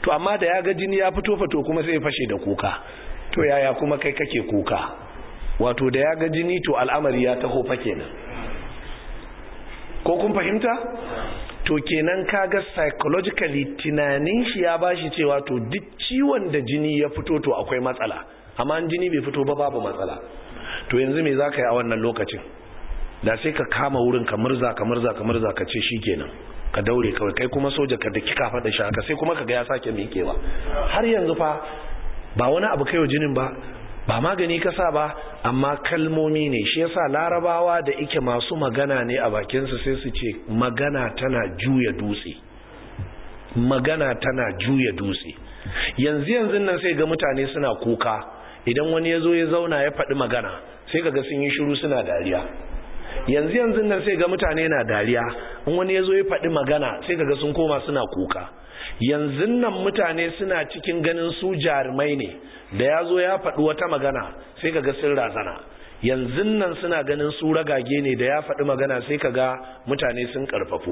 Speaker 1: to amma da ya ga jini ya fito fa to kuma sai ya fashe da kuka to yaya kuma kai kake kuka wato da ya ga jini to al'amari ya taho fa kenan ko kun fahimta to kenan kaga psychologically tunanin shi ya bashi cewa to duk ciwon da jini ya fito to akwai matsala amma jini bai fito ba babu matsala to yanzu me zaka yi a wannan lokacin da sai ka kama wurin ka murza ka murza ka murza ka ce shikenan ka daure kawai kai kuma soja ka daki kafa faɗa shi haka sai kuma kaga ya sake miƙewa har yanzu fa ba wani abu kai wa jinin ba ba magani kasa ba amma kalmomi ne shi yasa larabawa da ike masu magana ne a bakinsu sai su ce magana tana juya dutse magana tana juya dutse yanzu yanzu nan sai ga mutane suna kuka idan wani ya zo ya zauna ya faɗi magana sai kaga sun yi shiru suna dariya yanzu yanzu nan sai ga mutane na dariya in wani ya zo ya faɗi magana sai ga sun koma suna kuka yanzu nan mutane suna cikin ganin su jarumai ne da ya zo ya faɗi wata magana sai ga sun razana yanzu nan suna ganin su ragage ne da ya faɗi magana sai ka ga mutane sun karfafu.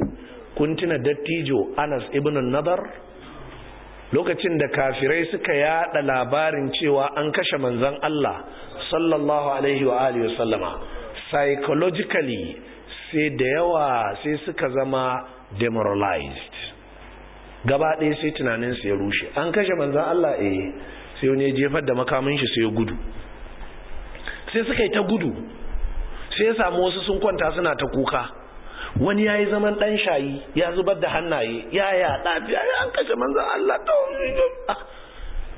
Speaker 1: kun tuna dattijo anas ibn nadar lokacin da kafirai suka yada labarin cewa an kashe manzon allah sallallahu alaihi wa alihi wa psychologically sai da yawa sai suka zama demoralized gaba ɗaya sai tunaninsu ya rushe an kashe manzan Allah eh sai wani ya jefar da makamin shi sai ya gudu sai suka yi ta gudu sai ya samu wasu sun kwanta suna ta kuka wani ya yi zaman ɗan shayi ya zubar da hannaye ya ya ɗafi ya an kashe manzan Allah ah.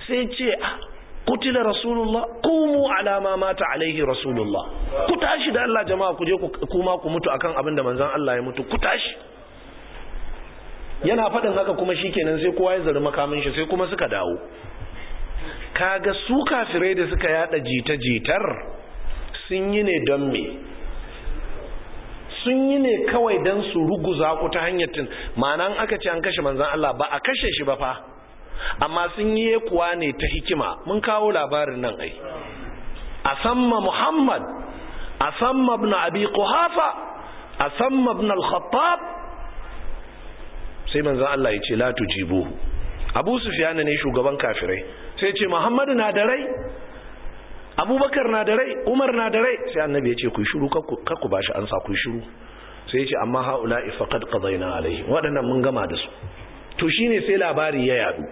Speaker 1: sai ce ah, kutila rasulullah kumu ala ma mata alaihi rasulullah ku tashi da Allah jama'a ku je kuma ku mutu akan abin da manzon Allah ya mutu ku tashi yana faɗin haka kuma shikenan sai kowa ya zari makamin shi sai kuma suka dawo kaga su kafirai da suka yada jita-jitar sun yi ne don me sun yi ne kawai don su ruguza ku ta hanyar tun ma'ana aka ce an kashe manzan Allah ba a kashe shi ba fa amma sun yi kuwa ne ta hikima mun kawo labarin nan ai samma muhammad a samma ibn abi quhafa a ibn al-khattab sai manzon Allah ya ce la tujibu abu sufyan ne shugaban kafirai sai ya ce muhammad na da rai abubakar na da rai umar na da rai sai annabi ya ce ku shiru kar ku bashi ansa ku shiru sai ya ce amma haula faqad qadayna alaihi waɗannan mun gama da su to shine sai labari ya yadu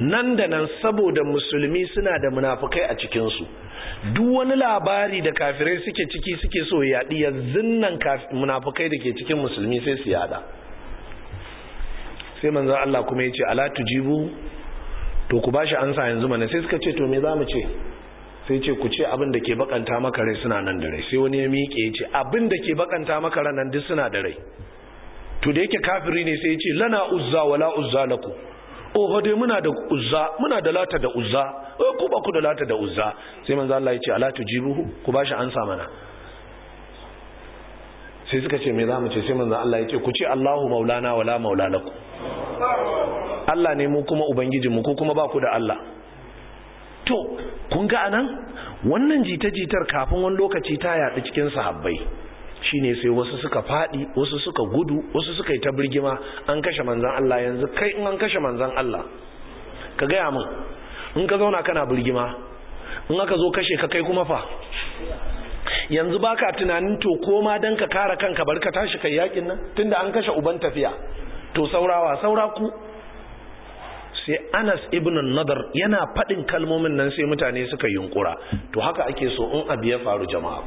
Speaker 1: nan da nan saboda musulmi suna da munafukai a cikinsu duk wani labari da kafirai suke ciki suke so yaɗi yanzu nan munafukai da ke cikin musulmi sai su yada sai manzan Allah kuma ya ce ala tujibu to ku bashi ansa yanzu mana sai suka ce to me za mu ce sai ce ku ce abin da ke bakanta maka rai suna nan da rai sai wani ya miƙe ya ce abin da ke bakanta maka rai nan duk suna da rai to da yake kafiri ne sai ya ce lana uzza wala uzza lakum Oh dai muna da uzza muna da lata da uzza eh, ku ba ku da lata da uzza sai manzo Allah ya ce ala tujibuhu ku bashi ansa mana sai suka ce me za mu ce sai manzo Allah ya ce ku ce Allahu maulana wala maulalaku. Allah ne mu kuma ubangijin mu ko kuma ba ku da Allah to kun ga anan wannan jita-jitar kafin wani lokaci ta yaɗu cikin sahabbai shine sai wasu suka fadi wasu suka gudu wasu suka yi ta birgima an kashe manzan Allah yanzu kai in an kashe manzan Allah ka gaya min in ka zauna kana birgima in aka zo kashe ka kai kuma fa yanzu baka tunanin to koma dan ka kare kanka bar ka tashi kai yakin nan tunda an kashe uban tafiya to saurawa saura ku sai Anas ibn Nadar yana faɗin kalmomin nan sai mutane suka yunkura to haka ake so in abu ya faru jama'a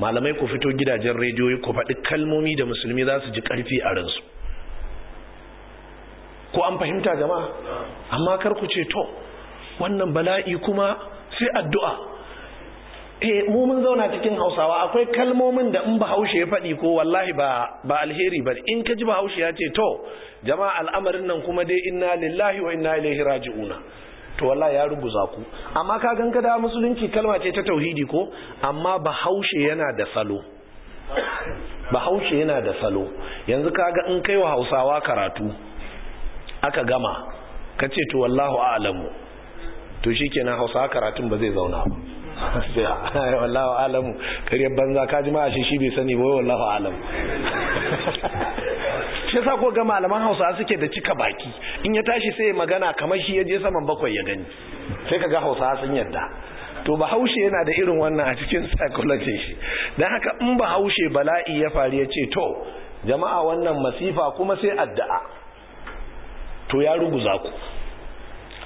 Speaker 1: malamai ku fito gidajen rediyo ku faɗi kalmomi da musulmi za su ji ƙarfi a ransu ko an fahimta jama'a amma kar ku ce to wannan bala'i kuma sai addu'a eh mu mun zauna cikin Hausawa akwai kalmomin da in Bahaushe ya faɗi ko wallahi ba ba alheri ba in ka ji Bahaushe ya ce to jama'a al'amarin nan kuma dai inna lillahi wa inna ilaihi raji'una to wallahi ya ruguza ku amma ka ganka da musulunci kalma ce ta tauhidi ko amma bahaushe yana da salo bahaushe yana da salo yanzu kaga in kai wa hausawa karatu aka gama ka ce to wallahu a'lamu to shikenan hausawa karatun ba zai zauna ba wallahu a'lamu kare banza ka ji ma shi shi bai sani ba wallahu a'lamu shi sa ko ga malaman Hausa suke da cika baki in ya tashi sai magana kamar shi ya je saman bakwai ya gani sai kaga Hausa sun yadda to bahaushe yana da irin wannan a cikin psychology shi dan haka in bahaushe bala'i ya faru ya ce to jama'a wannan masifa kuma sai addu'a to ya ruguza ku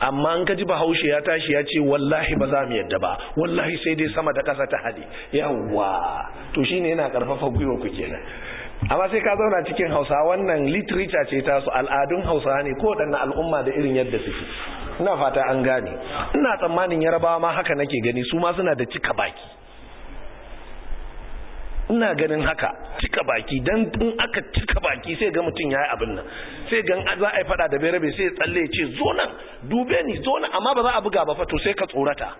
Speaker 1: amma in an ji bahaushe ya tashi ya ce wallahi ba za mu yadda ba wallahi sai dai sama da kasa ta hade yawwa to shine yana karfafa gwiwa ku kenan amma sai ka zauna cikin hausa wannan literature ce ta su al'adun hausa ne ko al'umma da irin yadda suke ina fata an gane ina tsammanin yarabawa ma haka nake gani su ma suna da cika baki ina ganin haka cika baki dan in aka cika baki sai ga mutum yayi abin nan sai ga za a yi fada da berabe sai ya tsalle ya ce zo nan dube ni zo nan amma ba za a buga ba fa to sai ka tsorata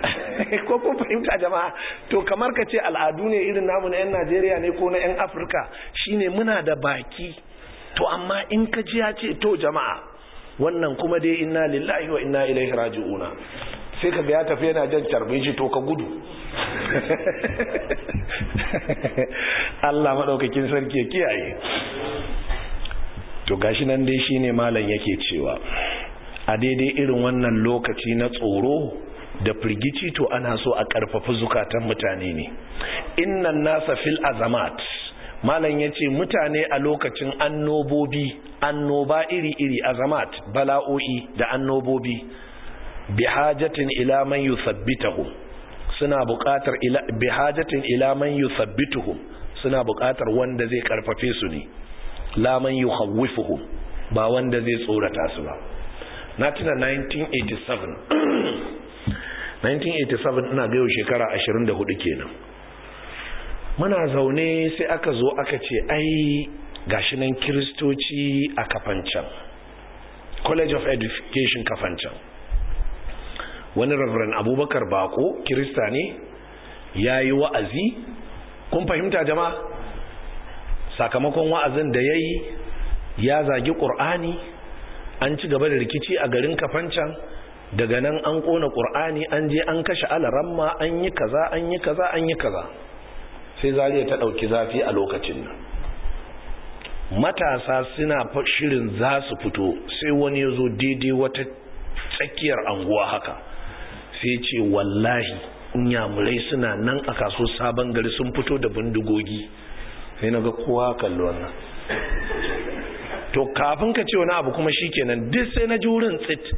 Speaker 1: ko kun fahimta jama'a to kamar ka ce al'adu ne irin namu na 'yan najeriya ne ko na 'yan afirka shine muna da baki to amma in ka ji ya ce to jama'a wannan kuma dai inna lillahi wa inna ilaihi raji'una sai ka ya tafi yana jan carbin shi to ka gudu Allah maɗaukakin sarki ya kiyaye to gashi nan dai shine malam yake cewa a daidai irin wannan lokaci na tsoro da firgici to ana so a karfafi zukatan mutane ne innan nasa fil azamat malam ya ce mutane a lokacin annobobi annoba iri-iri azamat bala'o'i da annobobi bihajatin ila man yuthabbitahum suna buƙatar bihajatin suna buƙatar wanda zai karfafe su ne la man yukhawwifuhum ba wanda zai tsorata su ba na tuna 1987 1987 ina ga yau shekara 24 kenan muna zaune sai aka zo aka ce ai gashi nan kiristoci a kafancan college of education kafancan wani reverend abubakar bako kirista ne ya yi wa'azi kun fahimta jama'a sakamakon wa'azin da ya yi ya zagi ƙur'ani an ci gaba da rikici a garin kafancan daga nan an ƙona qur'ani an je an kashe alaramma an yi kaza an yi kaza an yi kaza sai zariya ta ɗauki zafi a lokacin nan matasa suna shirin za su fito sai wani ya zo daidai wata tsakiyar anguwa haka sai ce wallahi inyamurai suna nan a kaso sabon gari sun fito da bindigogi sai na ga kowa kallo wannan to kafin ka ce wani abu kuma shi shikenan duk sai na ji wurin tsit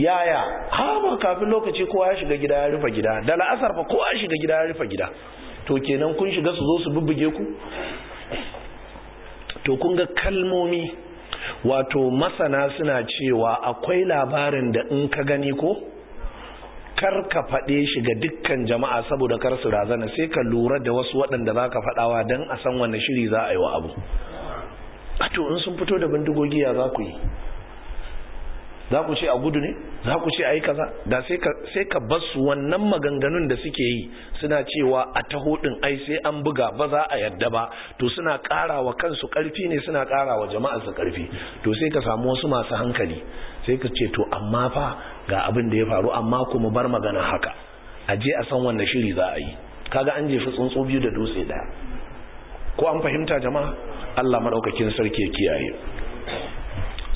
Speaker 1: yaya ha kafin lokaci kowa ya shiga gida ya rufe gida da la'asar fa kowa ya shiga gida ya rufe gida to kenan kun shiga su zo su bubbuge ku to kun ga kalmomi wato masana suna cewa akwai labarin da in ka gani ko kar ka faɗe shiga dukkan jama'a saboda kar su razana sai ka lura da wasu waɗanda za ka faɗawa don a san wanne shiri za a yi wa abu a to in sun fito da bindigogi ya za ku yi za ku ce a gudu ne za ku ce a yi kaza da sai ka basu wannan maganganun da suke yi suna cewa a taho din ai sai an buga ba za a yadda ba to suna ƙara wa kansu karfi ne suna ƙara wa su karfi. to sai ka samu wasu masu hankali sai ka ce to amma fa ga abin da ya faru amma kuma bar magana haka a je a san wanne shiri za a yi kaga an jefi tsuntsu biyu da dutse ɗaya ko an fahimta jama'a Allah maɗaukakin sarki ya kiyaye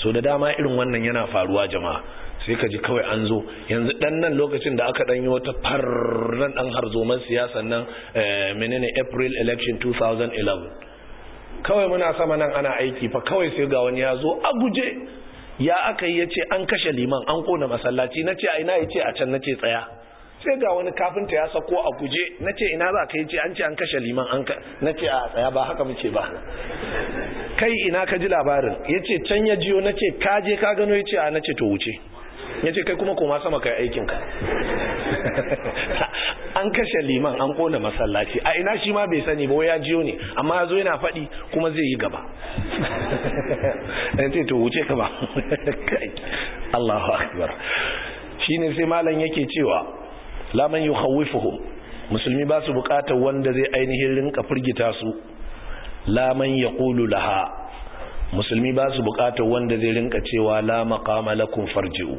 Speaker 1: so da dama irin wannan yana faruwa jama'a sai ka ji kawai an zo yanzu dan nan lokacin da aka dan yi wata farran dan harzoman siyasa nan eh, menene April election 2011 kawai muna sama nan ana aiki fa kawai sai ga wani ya zo a guje ya aka yi ya ce an kashe liman an kona masallaci na ce a ina ya ce a can na ce tsaya sai ga wani kafinta ya sako a guje na ce ina za ka yi ce an ce an kashe liman an ka na ce a tsaya ba haka muke ba kai ina ka ji labarin ya ce can ya jiyo na ce ka je ka gano ya ce a na ce to wuce ya ce kai kuma koma sama kai aikinka an kashe liman an kona masallaci a ina shi ma bai sani ba ya jiyo ne amma ya zo yana faɗi kuma zai yi gaba ce to wuce ka ba Allahu akbar shine sai malam yake cewa la man yukhawifuhum musulmi ba su bukatar wanda zai ainihin rinka firgita su ya man yaqulu laha musulmi ba su bukatar wanda zai rinka cewa la maqama lakum farji'u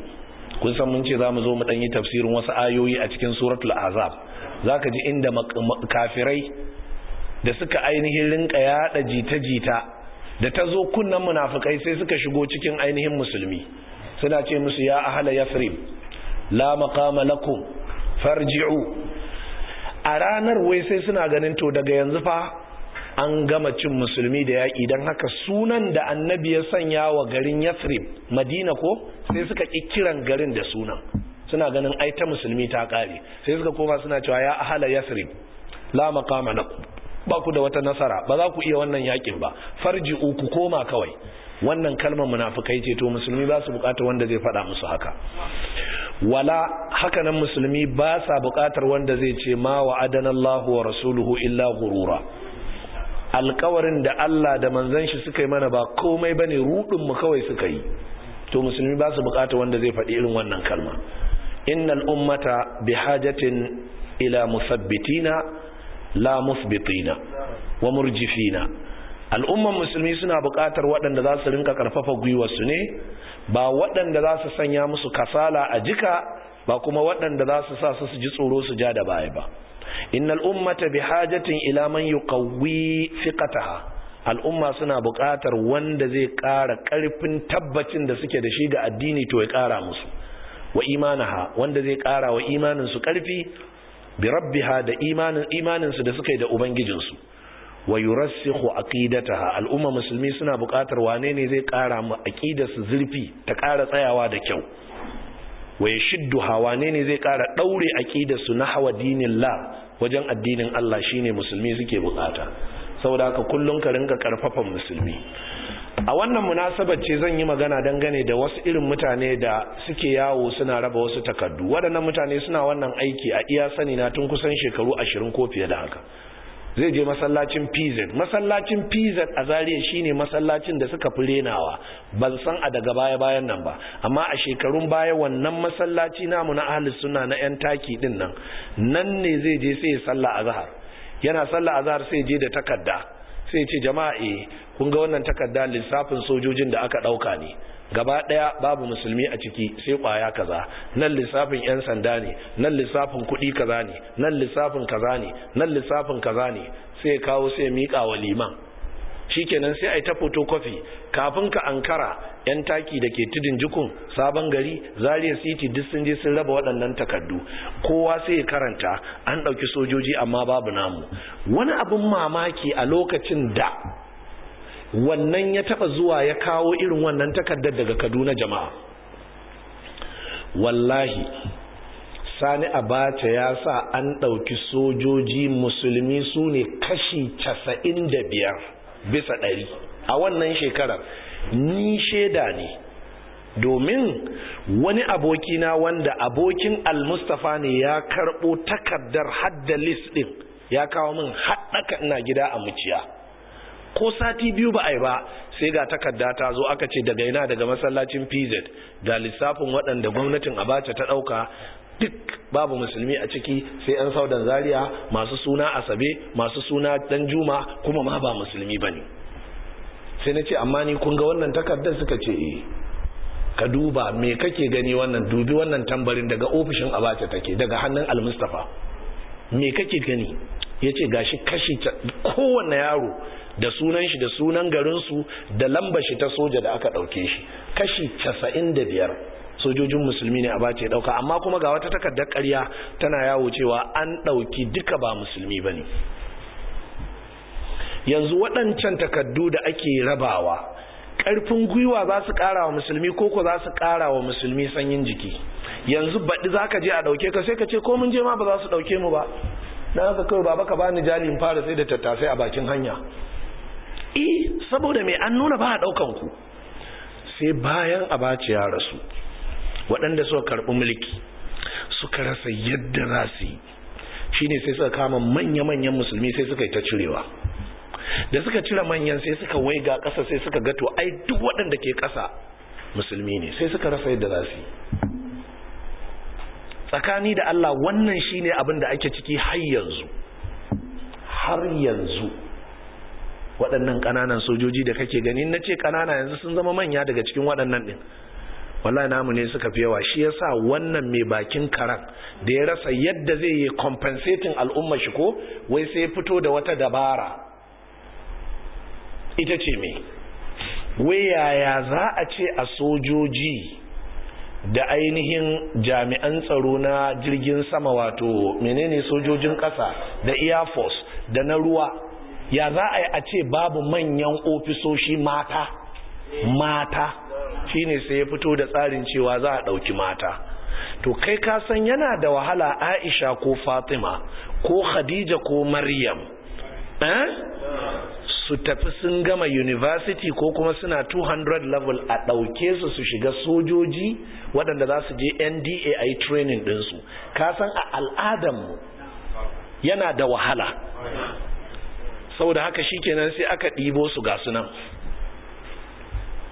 Speaker 1: kun san mun ce za mu zo mu dan tafsirin wasu ayoyi a cikin suratul azab ka ji inda kafirai da suka ainihin rinka yaɗa jita-jita da ta zo kunnan munafukai sai suka shigo cikin ainihin musulmi suna ce musu ya ahala yathrib la maqama lakum farji'u a ranar wai sai suna ganin to daga yanzu fa an gama cin musulmi da yaƙi don haka sunan da annabi ya sanya wa garin yathrib madina ko sai suka ƙi kiran garin da sunan suna ganin ai ta musulmi ta ƙare sai suka koma suna cewa ya ahala yathrib la maqama ba ku da wata nasara ba za ku iya wannan yakin ba farji ku koma kawai wannan kalmar munafukai ce to musulmi ba su bukatar wanda zai faɗa musu haka wala hakanan musulmi ba sa bukatar wanda zai ce ma wa'adana Allahu wa rasuluhu illa gurura alkawarin da Allah da manzon shi suka yi mana ba komai bane rudin mu kawai suka yi to musulmi ba su bukatar wanda zai faɗi irin wannan kalma innal ummata bihajatin ila musabbitina la musbitina wa murjifina al'umman musulmi suna buƙatar waɗanda za su rinka ƙarfafa gwiwarsu ne ba waɗanda za su sanya musu kasala a jika ba kuma waɗanda za su sa su ji tsoro su ja da baya ba Inna ta ummata bihajatin ila man yuqawwi fiqataha al'umma suna buƙatar wanda zai ƙara ƙarfin tabbacin da suke da shi ga addini to ya ƙara musu wa imanaha wanda zai ƙara wa imaninsu ƙarfi bi rabbiha da imanin imaninsu da suka yi da ubangijinsu wa yurassikhu aqidataha al'umma musulmi suna buƙatar wane ne zai ƙara mu aqidar su zurfi ta ƙara tsayawa da kyau wa yashidduha wane ne zai ƙara daure aqidar su na hawa dinillah wajen addinin Allah shine musulmi suke buƙata saboda haka kullun ka rinka karfafan musulmi a wannan munasabar ce zan yi magana dangane da wasu irin mutane da suke yawo suna raba wasu takardu waɗannan mutane suna wannan aiki a iya sani na tun kusan shekaru ashirin ko fiye da haka zai je masallacin pz masallacin pz a zariya shine masallacin da suka fi renawa ban san a daga baya bayan nan ba amma a shekarun baya wannan masallaci namu na ahli sunna na yan taki din nan nan ne zai je sai ya salla azhar yana salla azhar sai je da takarda sai ce jama'a eh kun ga wannan takarda lissafin sojojin da aka ɗauka ne gaba daya babu musulmi a ciki sai kwaya kaza nan lissafin yan sanda ne nan lissafin kuɗi kaza ne nan lissafin kaza ne nan lissafin kaza ne sai kawo sai miƙa wa liman shikenan sai ai ta photocopy kafin ka ankara yan taki da ke tudun jikun sabon gari zaria city duk sun je sun raba waɗannan takardu kowa sai ya karanta an ɗauki sojoji amma babu namu wani abin mamaki a lokacin da wannan ya taba zuwa ya kawo irin wannan takardar daga kaduna jama'a wallahi sani abacha ya sa an ɗauki sojoji musulmi su ne kashi casa'in da biyar bisa ɗari a wannan shekarar ni shaida ne domin wani abokina wanda abokin almustafa ne ya karɓo takardar haddalis ɗin ya kawo min haɗaka ina gida a muciya ko sati biyu ba a yi ba sai ga takarda ta zo aka ce daga ina daga masallacin pz da lissafin waɗanda gwamnatin abacha ta ɗauka duk babu musulmi a ciki sai yan saudan zaria masu suna asabe masu suna dan juma kuma ma ba musulmi bane sai na ce amma ni kun ga wannan takardar suka ce eh ka duba me kake gani wannan dubi wannan tambarin daga ofishin abacha take daga hannun al-mustafa me kake gani ya ce gashi kashi kowane yaro da sunan shi da sunan garinsu da lambar shi ta soja da aka ɗauke shi kashi casa'in da biyar sojojin musulmi ne a bace ya ɗauka amma kuma ga wata takardar ƙarya tana yawo cewa an ɗauki duka ba musulmi ba ne yanzu waɗancan takardu da ake rabawa ƙarfin gwiwa za su ƙara wa musulmi ko ko za su ƙara wa musulmi sanyin jiki yanzu baɗi za ka je a ɗauke ka sai ka ce ko mun je ma ba za su ɗauke mu ba Na haka kawai baba ka bani jali fara sai da tattasai a bakin hanya eh saboda mai an nuna ba a daukan ku sai bayan abaci ya rasu waɗanda suka karɓi mulki suka rasa yadda za su shine sai suka kama manya-manyan musulmi sai suka yi ta cirewa da suka cire manyan sai suka wai ga ƙasa sai suka gato ai duk waɗanda ke ƙasa musulmi ne sai suka rasa yadda za su tsakani da Allah wannan shine abin da ake ciki har yanzu har yanzu waɗannan ƙananan sojoji da kake gani na ce ƙanana yanzu sun zama manya daga cikin waɗannan ɗin wallahi namu ne suka fi yawa shi yasa wannan mai bakin karan da ya rasa yadda zai yi compensating al'umma shi ko wai sai fito da wata dabara ita ce me wai yaya za a ce a sojoji da ainihin jami'an tsaro na jirgin sama wato menene sojojin ƙasa da air force da na ruwa ya za a yi a ce babu manyan ofisoshi mata mata shine sai ya fito da tsarin cewa za a ɗauki mata to kai ka san yana da wahala aisha ko fatima ko khadija ko maryam eh? su tafi sun gama university ko kuma suna 200 level a ɗauke su su shiga sojoji waɗanda za su je nda a training ɗinsu kasan a al'adanmu yana da wahala da haka shikenan sai aka ɗibo su ga sunan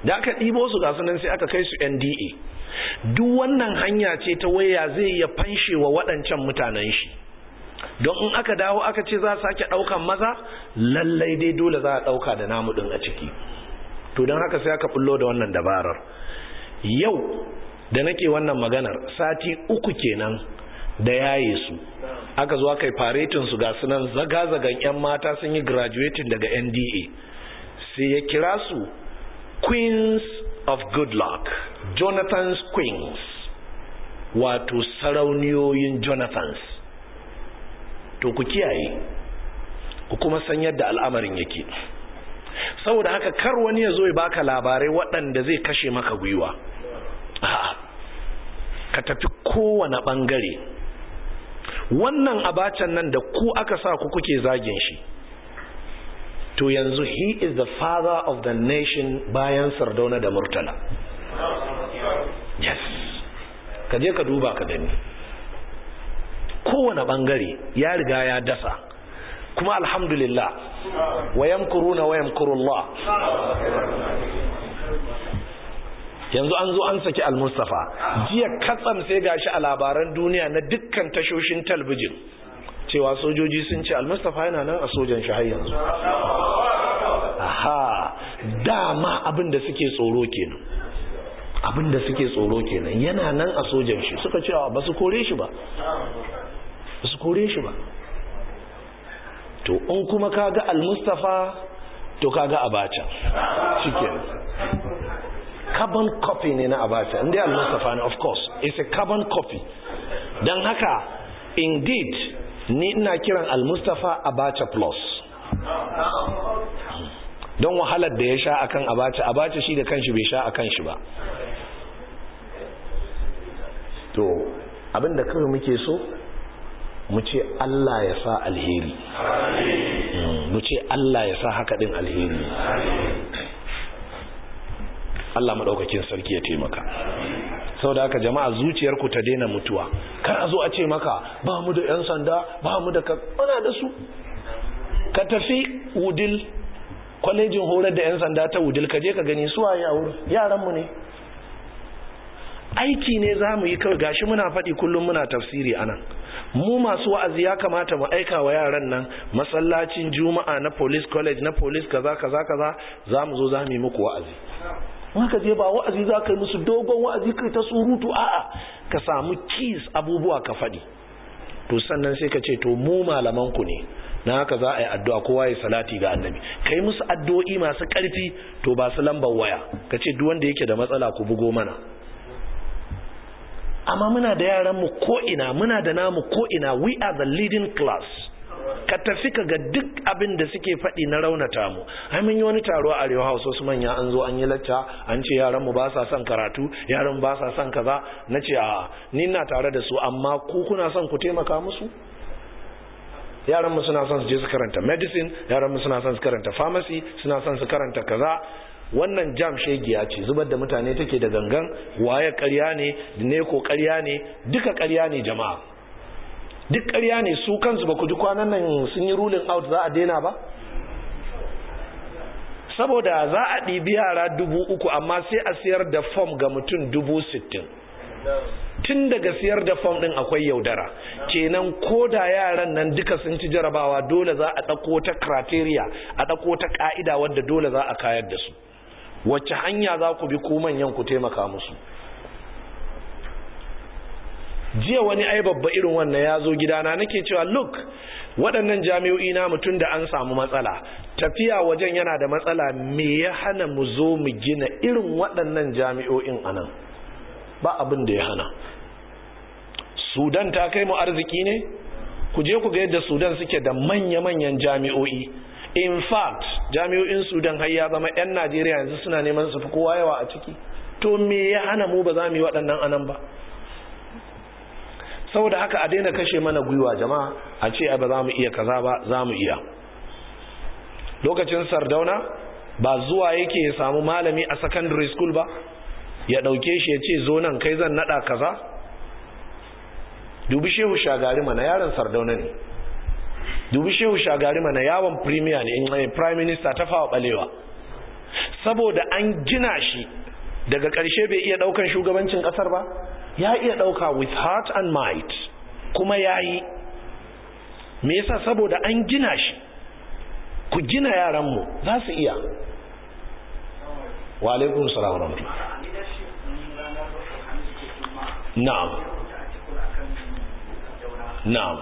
Speaker 1: da aka ɗibo su ga sunan sai aka kai su nda duk wannan hanya ce ta waya zai iya fanshewa waɗancan mutanen shi don in aka dawo aka ce za a sake ɗaukan maza lallai dai dole za a ɗauka da namu ɗin a ciki to don haka sai aka bullo da wannan dabarar yau da nake wannan maganar sati uku kenan da yaye su aka zo aka yi faretin su ga sunan zaga-zagan 'yan mata sun yi graduating daga nda sai ya kira su queens of good luck jonathan's queens wato sarauniyoyin jonathan's to ku kiyaye ku kuma san yadda al'amarin yake saboda haka kar wani ya zo ya baka labarai waɗanda zai kashe maka gwiwa ka tafi kowane ɓangare wannan abacan nan da ku aka sa ku kuke zagin shi to yanzu he is the father of the nation bayan sardauna da murtala yes ka je ka duba ka gani kowane bangare ya riga ya dasa kuma alhamdulillah wa na wa yamkurullah yanzu an zo an saki al-mustafa jiya katsam sai gashi a labaran duniya na dukkan tashoshin talbijin cewa sojoji sun ce al-mustafa yana nan a sojan shi har yanzu aha dama abin da suke tsoro kenan abin da suke tsoro kenan yana nan a sojan shi suka cewa ba su kore shi ba ba su kore shi ba to in kuma kaga al-mustafa to kaga abacha shikenan carbon copy ne na abacha inda al-mustafa ne of course it's a carbon copy dan haka indeed ni ina kiran al-mustafa abacha plus don wahalar da ya sha akan abacha abacha shi da kanshi bai sha akan shi ba to abinda kawai muke so mu ce Allah ya sa alheri mm, mu ce Allah ya sa haka din alheri Allah madaukakin sarki ya taimaka da haka jama'a zuciyar ku ta daina mutuwa kar a zo a ce maka ba mu da yan sanda ba mu da ka ana da su ka tafi wudil kwalejin horar da yan sanda ta wudil ka je ka gani su ya a wurin yaran mu ne aiki ne za mu yi kawai gashi muna faɗi kullum muna tafsiri anan mu masu wa'azi ya kamata mu aika wa yaran nan masallacin juma'a na police college na police kaza kaza kaza za mu zo za mu yi muku wa'azi ka je ba wa'azi za ka yi musu dogon wa'azi kai ta surutu a'a ka samu kis abubuwa ka faɗi to sannan sai ka ce to mu malaman ku ne na haka za a yi addu'a kowa ya salati ga annabi kai musu addu'o'i masu ƙarfi to ba su lambar waya ka ce duk wanda yake da matsala ku bugo mana amma muna da yaranmu ko'ina muna da namu ko'ina we are the leading class ka tafi ka ga duk abin da suke faɗi na raunata mu ai mun yi wani taro a arewa hausa su manya an zo an yi lacca an ce yaranmu ba sa son karatu yaran ba sa son kaza na ce a ni na tare da su amma ku kuna son ku taimaka musu yaranmu suna son su je su karanta medicine yaranmu suna son su karanta pharmacy suna son su karanta kaza wannan jam shegiya ce zubar da mutane take da gangan waye ƙarya ne ne ko ƙarya ne duka ƙarya ne jama'a duk ƙarya ne su kansu ba ku ji kwanan nan sun yi ruling out za a daina ba saboda za a ɗibi yara dubu uku amma sai a siyar da fom ga mutum dubu sittin tun daga siyar da fom ɗin akwai yaudara kenan ko da yaran nan duka sun ci jarabawa dole za a ɗauko ta criteria a ɗauko ta ƙa'ida wadda dole za a kayar da su wacce hanya za ku bi ku manyan ku taimaka musu jiya wani ai babba irin wannan ya zo gidana nake cewa look waɗannan jami'o'i na mutum da an samu matsala tafiya wajen yana da matsala me ya hana mu zo mu gina irin waɗannan jami'o'in anan ba abin da ya hana sudan ta kai mu arziki ne ku je ku ga yadda sudan suke da manya-manyan jami'o'i in fact jami'o'in sudan har ya zama 'yan najeriya yanzu suna neman su fi kowa yawa a ciki to me ya hana mu ba za mu yi waɗannan anan ba saboda haka a daina kashe mana gwiwa jama'a a ce ba za mu iya kaza ba za mu iya lokacin sardauna ba zuwa yake ya samu malami a secondary school ba ya ɗauke shi ya ce zo nan kai zan naɗa kaza dubi shehu shagari mana yaron sardauna ne dubi shehu shagari mana yawon premier ne in eh, prime minister ta fawa balewa saboda an gina shi daga karshe bai iya ɗaukan shugabancin ƙasar ba ya iya ɗauka with heart and might kuma ya yi me yasa saboda an gina shi ku gina yaranmu za su iya wa alaikun salamu ramtu na'am na'am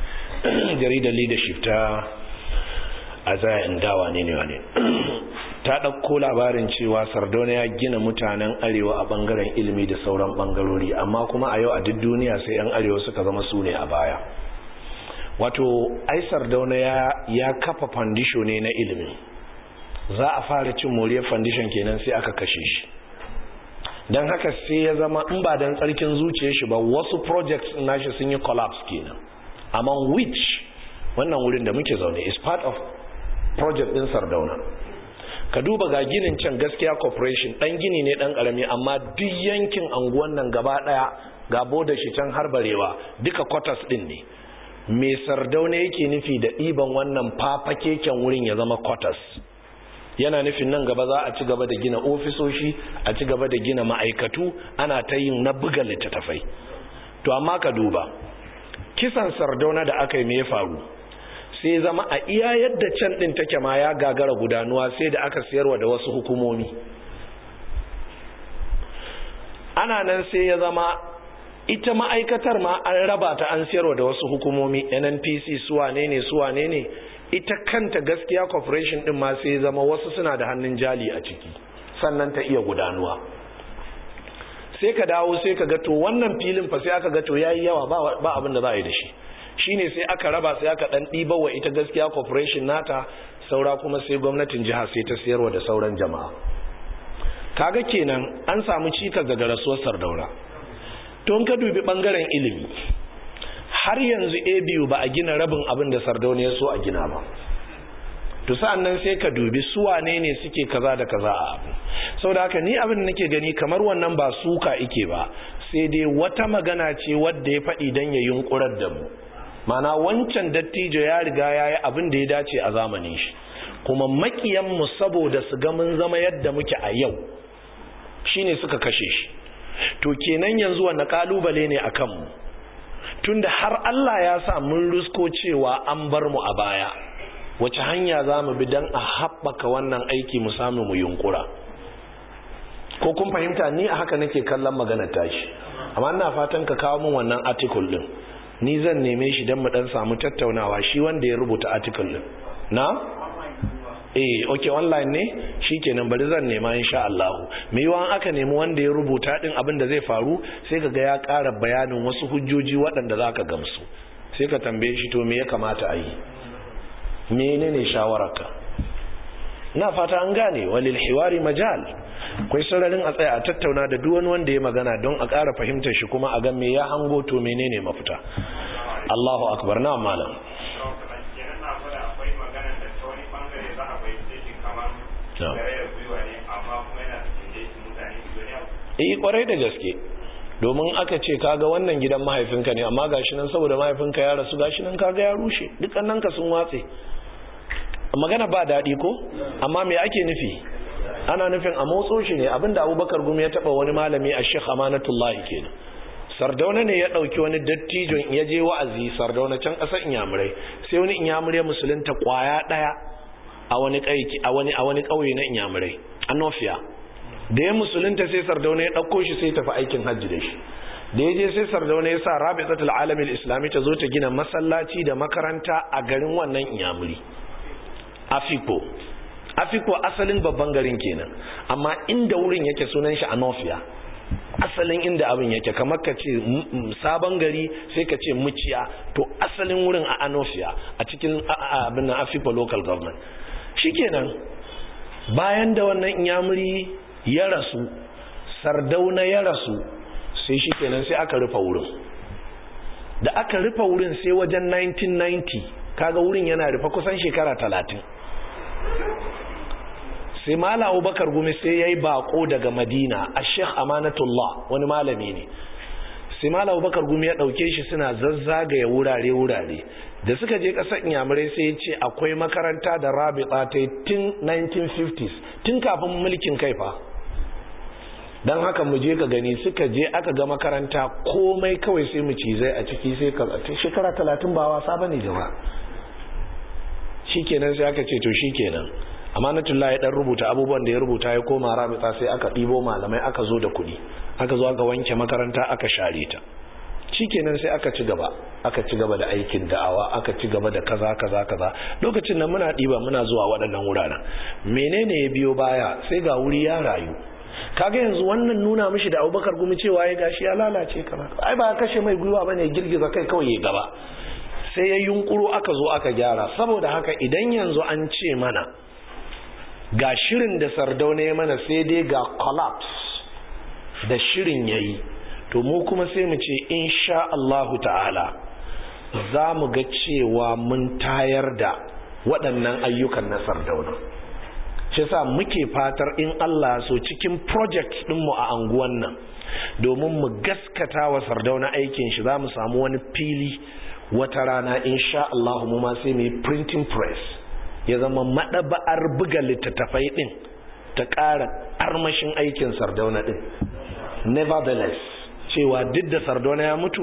Speaker 1: jaridar leadership ta azaya dawa ne ne wane ta ɗauko labarin cewa sardona ya gina mutanen arewa a ɓangaren ilimi da sauran bangarori. amma kuma a yau a duk duniya sai 'yan arewa suka zama su ne a baya wato ai sardauna ya, ya kafa fandisho ne na ilimi za a fara cin moriyar fandishon kenan sai aka kashe shi don haka sai ya zama in ba don tsarkin zuciya shi ba wasu projects nashi sun yi collapse kenan among which wannan wurin da muke zaune is part of project din sardauna ka duba ga ginin can gaskiya corporation dan gini ne dan karami amma duk yankin anguwan nan gaba daya ga boda shi can harbarewa duka quarters din ne me sardauna yake nufi da ɗiban wannan fafakeken wurin ya zama quarters yana nufin nan gaba za a ci gaba da gina ofisoshi a ci gaba da gina ma'aikatu ana ta yin na buga littattafai to amma ka duba kisan sardauna da aka yi me ya faru sai zama a iya yadda can ɗin take ma ya gagara gudanuwa sai da aka siyarwa da wasu hukumomi ana nan sai ya zama ita ma'aikatar ma an raba ta an siyarwa da wasu hukumomi nnpc suwa ne suwane ne ita kanta gaskiya corporation ɗin ma sai zama wasu suna da hannun jali a ciki sannan ta iya gudanuwa sai ka dawo sai ka gato. wannan filin fa sai aka gato to yayi yawa ba abin da za a yi da shi shine sai aka raba sai aka dan ɗiba wa ita gaskiya corporation nata saura kuma sai gwamnatin jiha sai ta sayarwa da sauran jama'a kaga kenan an samu cikas daga rasuwar sardaura to ka dubi bangaren ilimi har yanzu abu ba a gina rabin abin da sardauna ya so a gina ba to sa'annan sai ka dubi su wane ne suke kaza da kaza a abu sau da haka ni abin da nake gani kamar wannan ba suka ike ba sai dai wata magana ce wadda ya faɗi don ya yunkurar da mu mana wancan dattijo ya riga ya yi abin da ya dace a zamanin shi kuma makiyanmu saboda su ga mun zama yadda muke a yau shine suka kashe shi to kenan yanzu wanne kalubale ne a kanmu da har Allah ya sa mun rusko cewa an bar mu a baya wace hanya za mu bi don a haɓaka wannan aiki mu samu mu yunkura ko kun fahimta ni a haka nake kallon magana shi amma ina fatan ka kawo min wannan article din ni zan neme shi dan mu dan samu tattaunawa shi wanda ya rubuta article din na eh okay online ne shikenan bari zan nema insha Allah me yawan aka nemi wanda ya rubuta din abin da zai faru sai ka ga ya ƙara bayanin wasu hujjoji waɗanda ka gamsu sai ka tambaye shi to me ya kamata a yi menene shawararka na fata an gane walil hiwari majal akwai sararin a tsaya a tattauna da duk wanda ya magana don a ƙara fahimtar shi kuma a ga me ya hango to menene mafita Allahu akbar na malam yi eh, kwarai da gaske domin aka ce kaga wannan gidan mahaifinka ne amma gashi nan saboda mahaifinka ya rasu gashi nan kaga ya rushe dukkan nan ka sun watse magana ba daɗi ko amma me ake nufi ana nufin a motso shi ne abinda abubakar gumi ya taɓa wani malami a shekh amanatullahi kenan sardauna ne ya ɗauki wani dattijon ya je wa'azi sardauna can ƙasar inyamurai sai wani inyamurai musulunta ƙwaya ɗaya a wani ƙauye na inyamurai a nofiya da ya musulunta sai sardauna ya ɗauko shi sai tafi aikin hajji da shi da ya je sai sardauna ya sa rabitatul alamin islami ta zo ta gina masallaci da makaranta a garin wannan inyamuri afiko afiko asalin babban garin kenan amma inda wurin yake sunan shi anofia asalin inda abin yake kamar ka ce sabon gari sai ka ce muciya to asalin wurin a anofia a cikin abin na afiko local government shikenan bayan da wannan inyamuri ya rasu sardauna ya rasu sai shikenan sai aka rufe wurin da aka rufe wurin sai wajen 1990 kaga wurin yana rufe kusan shekara talatin sai mala abubakar gumi sai ya yi bako daga madina a sheikh amanatullah wani malami ne sai mala abubakar gumi ya ɗauke shi suna zazzagaya wurare-wurare da suka je ƙasar inyamurai sai ya ce akwai makaranta da rabi ta tun 1950s tun kafin mulkin kaifa don haka mu je ka gani suka je aka ga makaranta komai kawai sai mu cizai a ciki sai shekara talatin ba wasa jama'a shikenan sai aka ce to shikenan amanatullah ya dan rubuta abubuwan da ya rubuta ya koma rabita sai aka ɗibo malamai aka zo da kuɗi aka zo aka wanke makaranta aka share ta shikenan sai aka ci gaba aka ci gaba da aikin da'awa aka ci gaba da kaza kaza kaza lokacin nan muna ɗiba muna zuwa waɗannan wuraren menene ya biyo baya sai ga wuri ya rayu kaga yanzu wannan nuna mishi da abubakar gumi cewa ya gashi ya lalace kamar ai ba kashe mai gwiwa bane girgiza kai kawai ya gaba sai ya yunkuru aka zo aka gyara saboda haka idan yanzu an ce mana ga shirin da sardauna ya mana sai dai ga collapse da shirin ya yi to mu kuma sai mu ce insha Allahu ta'ala za mu ga cewa mun tayar da waɗannan ayyukan na sardauna shi sa muke fatar in Allah so cikin project ɗinmu a anguwan nan domin mu gaskata wa sardauna aikin shi za mu samu wani fili wata rana insha Allah mu ma sai mu printing press ya zama madaba'ar buga littattafai din ta ƙara armashin aikin sardauna din nevertheless cewa duk da sardauna ya mutu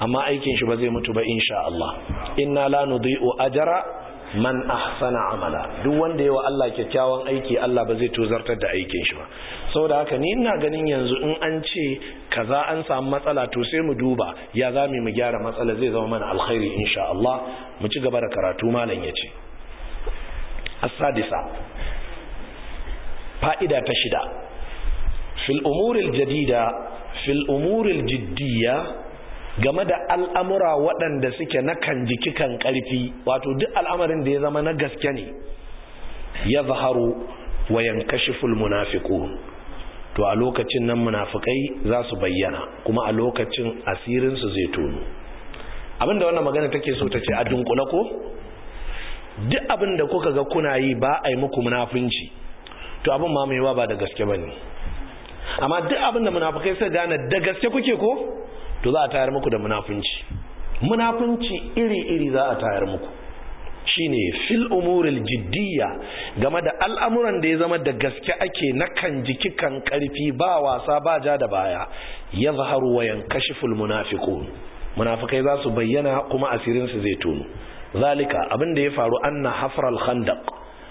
Speaker 1: amma aikin shi ba zai mutu ba insha Allah inna la nudhi'u ajra man ahsana amala duk wanda yawa Allah kyakkyawan aiki Allah ba zai tozartar da aikin shi ba saboda haka ni ina ganin yanzu in an ce kaza an samu matsala to sai mu duba ya za mu gyara matsala zai zama mana alkhairi insha Allah mu ci gaba da karatu malam yace as-sadisa fa'ida ta shida fil umuril jadida fil umuril jiddiyya game da al'amura waɗanda suke na kan jiki kan ƙarfi wato duk al'amarin da ya zama na gaske ne ya zaharu wayan kashiful munafiku to a lokacin nan munafikai za su bayyana kuma a lokacin asirinsu zai tono abinda wannan magana take so ta ce a dunkula ko duk abin da kuka ga kuna yi ba a yi muku munafunci to abin ma mai ba da gaske ba ne amma duk abin da munafukai sai gane da gaske kuke ko to za a tayar muku da munafunci munafunci iri-iri za a tayar muku shine fil umuril jiddiya game da al'amuran da ya zama da gaske ake na kan jiki kan karfi ba wasa ba ja da baya ya zaharu wa yankashiful munafiqun munafikai za su bayyana kuma asirin su zai tono zalika abin da ya faru anna hafral khandaq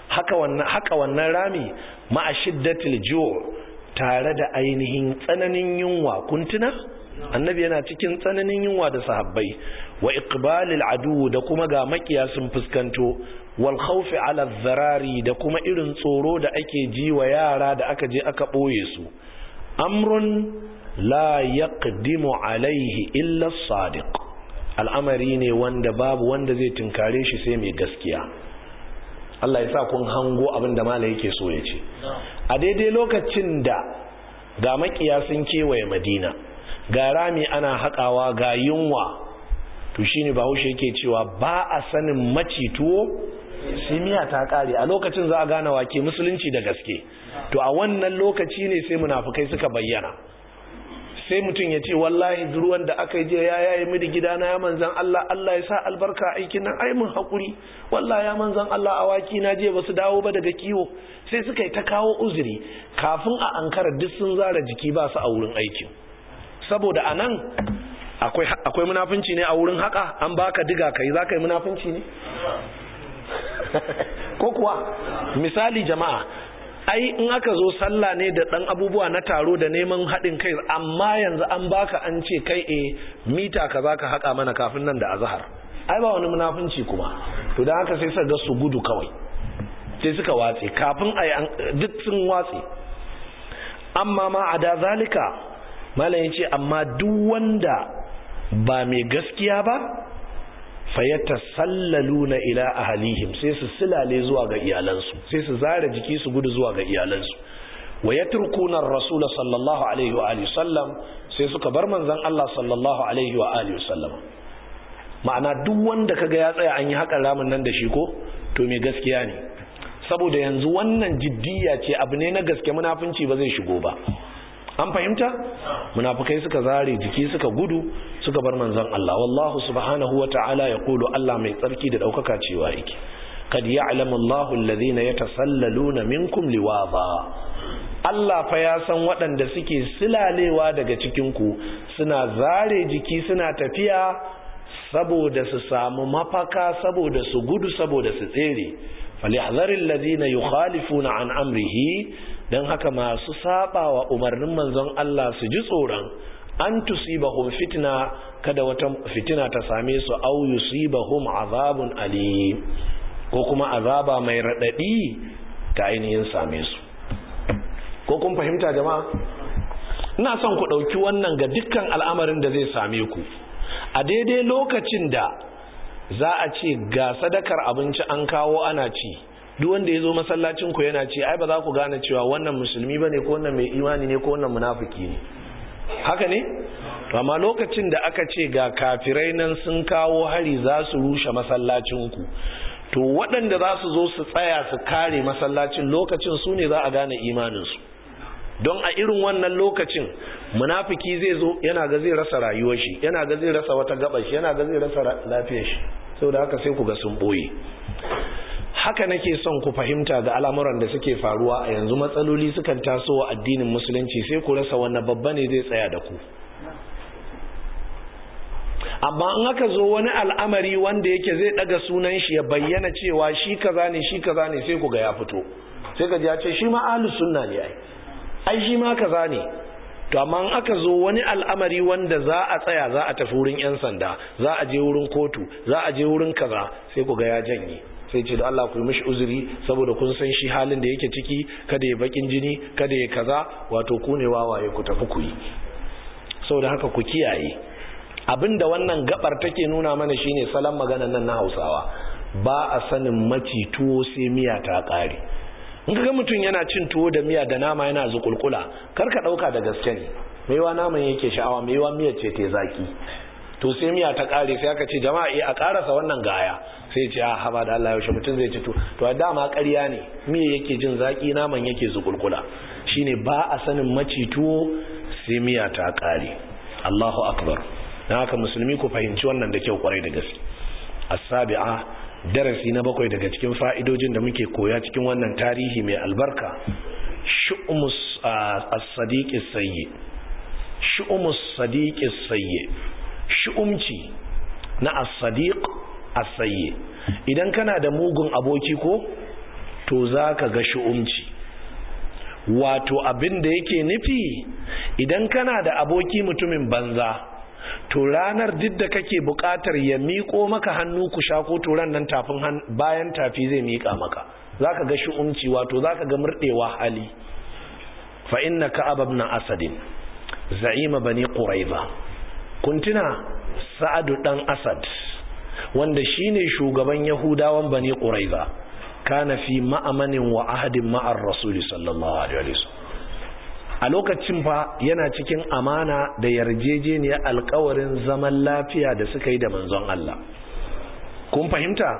Speaker 1: haka wannan haka wannan rami ma'a shiddatil ju' tare da ainihin tsananin yunwa kuntuna annabi yana cikin tsananin yunwa da sahabbai wa iqbalil adu da kuma ga makiya sun fuskanto wal khawfi ala zarari da kuma irin tsoro da ake ji wa yara da aka je aka boye su amrun la yaqdimu alaihi illa sadiq al'amari ne wanda babu wanda zai tunkare shi sai mai gaskiya Allah ya sa kun hango abin da mala yake so ya ce a daidai lokacin da ga makiya sun kewaye madina ga rami ana haƙawa ga yunwa to shine bahaushe yake cewa ba a sanin macituwo tuwo sai miya ta ƙare. a lokacin za a gane wake musulunci da gaske to a wannan lokaci ne sai munafukai suka bayyana sai mutum ya ce wallahi ruwan da aka je ya yayi gida na ya manzan Allah Allah ya sa albarka aikin nan ai mun hakuri wallahi ya manzan Allah a awaki na je basu dawo ba daga kiwo sai suka yi ta kawo uzuri kafin a ankara duk sun zara jiki ba su a wurin aikin saboda anan akwai akwai munafinci ne a wurin haka an baka diga kai za ka yi munafinci ne ko kuwa misali jama'a ai in aka zo sallah ne da dan abubuwa na taro da neman haɗin kai amma yanzu an baka an ce kai e mita ka za ka haƙa mana kafin nan da azahar ai ba wani munafunci kuma to don haka sai ga su gudu kawai sai suka watse kafin a duk sun watse amma ma a da zalika malam ya ce amma duk wanda ba mai gaskiya ba fayyata na ila ahalihim sai su silale zuwa ga iyalansu sai su zara jiki su gudu zuwa ga iyalansu wa ya turkunan rasula sallallahu alaihi wa alihi sallam sai suka bar manzan Allah sallallahu alaihi wa alihi sallam ma'ana duk wanda kaga ya tsaya an yi haƙar ramin nan da shi ko to mai gaskiya ne saboda yanzu wannan jiddiya ce abu ne na gaske munafunci ba zai shigo ba an fahimta munafukai suka zare jiki suka gudu suka bar manzon Allah wallahu subhanahu wata'ala ya kulu Allah mai tsarki da daukaka cewa yake kad ya'lamu Allahu alladhina yatasallaluna minkum liwaza Allah fa ya san waɗanda suke silalewa daga cikin ku suna zare jiki suna tafiya saboda su samu mafaka saboda su gudu saboda su tsere falyahzaril ladina yukhalifuna an amrihi don haka masu sabawa umarnin manzon Allah su ji tsoron an tusibahum fitna kada wata fitina ta same su au yusibahum azabun alim ko kuma azaba mai radadi ta ainihin same su ko kun fahimta jama'a ina son ku dauki wannan ga dukkan al'amarin da zai same ku a daidai lokacin da za a ce ga sadakar abinci an kawo ana ci duk wanda ya zo masallacin ku yana ce ai ba za ku gane cewa wannan musulmi bane ko wannan mai imani ne ko wannan munafiki ne haka ne amma lokacin da aka ce ga kafirai nan sun kawo hari za su rushe masallacin ku to waɗanda za su zo su tsaya su kare masallacin lokacin su ne za a gane imaninsu don a irin wannan lokacin munafiki zai zo yana ga zai rasa rayuwar shi yana ga zai rasa wata gabashi, shi yana ga zai rasa lafiyar shi saboda haka sai ku ga sun boye haka nake son ku fahimta ga al'amuran da suke faruwa a yanzu matsaloli sukan taso wa addinin musulunci sai ku rasa wannan babba ne zai tsaya da ku amma in aka zo wani al'amari wanda yake zai daga sunan shi ya bayyana cewa shi kaza ne shi kaza ne sai ku ga ya fito sai ka ji ya ce shi ma ahlus sunna ne ai ai shi ma kaza ne to amma in aka zo wani al'amari wanda za a tsaya za a tafi wurin yan sanda za a je wurin kotu za a je wurin kaza sai ku ga ya janye sai ce da Allah ku yi mishi uzuri saboda kun san shi halin da yake ciki kada ya bakin jini kada ya kaza wato ku ne wawaye ku tafi ku yi saboda haka ku kiyaye abinda wannan gabar take nuna mana shine salon maganar nan na Hausawa ba a sanin maci tuwo sai miya ta kare in ga mutum yana cin tuwo da miya da nama yana zukulkula kar ka dauka da gaske ne maiwa naman yake sha'awa maiwa miya ce ta zaki to sai miya ta kare sai aka ce jama'a eh a karasa wannan gaya sai ce a ah, haba da Allah yaushe mutum zai ci to to dama ƙarya ne miya yake jin zaki naman yake zukulkula shine ba a sanin macituwo sai miya ta kare Allahu akbar dan haka musulmi ku fahimci wannan da kyau kwarai da gaske as-sabi'a darasi na bakwai daga cikin fa'idojin da muke koya cikin wannan tarihi mai albarka shu'umus ah, as-sadiq as shu'umus sadiq as shi'umci na as-sadiq as-sayyi idan kana da mugun aboki ko to zaka ga shi'umci wato abin da yake nufi idan kana da aboki mutumin banza to ranar duk da kake buƙatar ya miƙo maka hannu ku shako to ran tafin bayan tafi zai miƙa maka zaka ga shi'umci wato zaka ga murɗewa hali fa inna ka'ab na Asadin. za'ima bani ba. kuntuna sa'adu dan asad wanda shine shugaban yahudawan bani quraiza kana fi ma'amanin wa ahadin ma'ar rasuli sallallahu alaihi wasallam a lokacin fa yana cikin amana da yarjejeniyar alkawarin zaman lafiya da suka yi da manzon Allah kun fahimta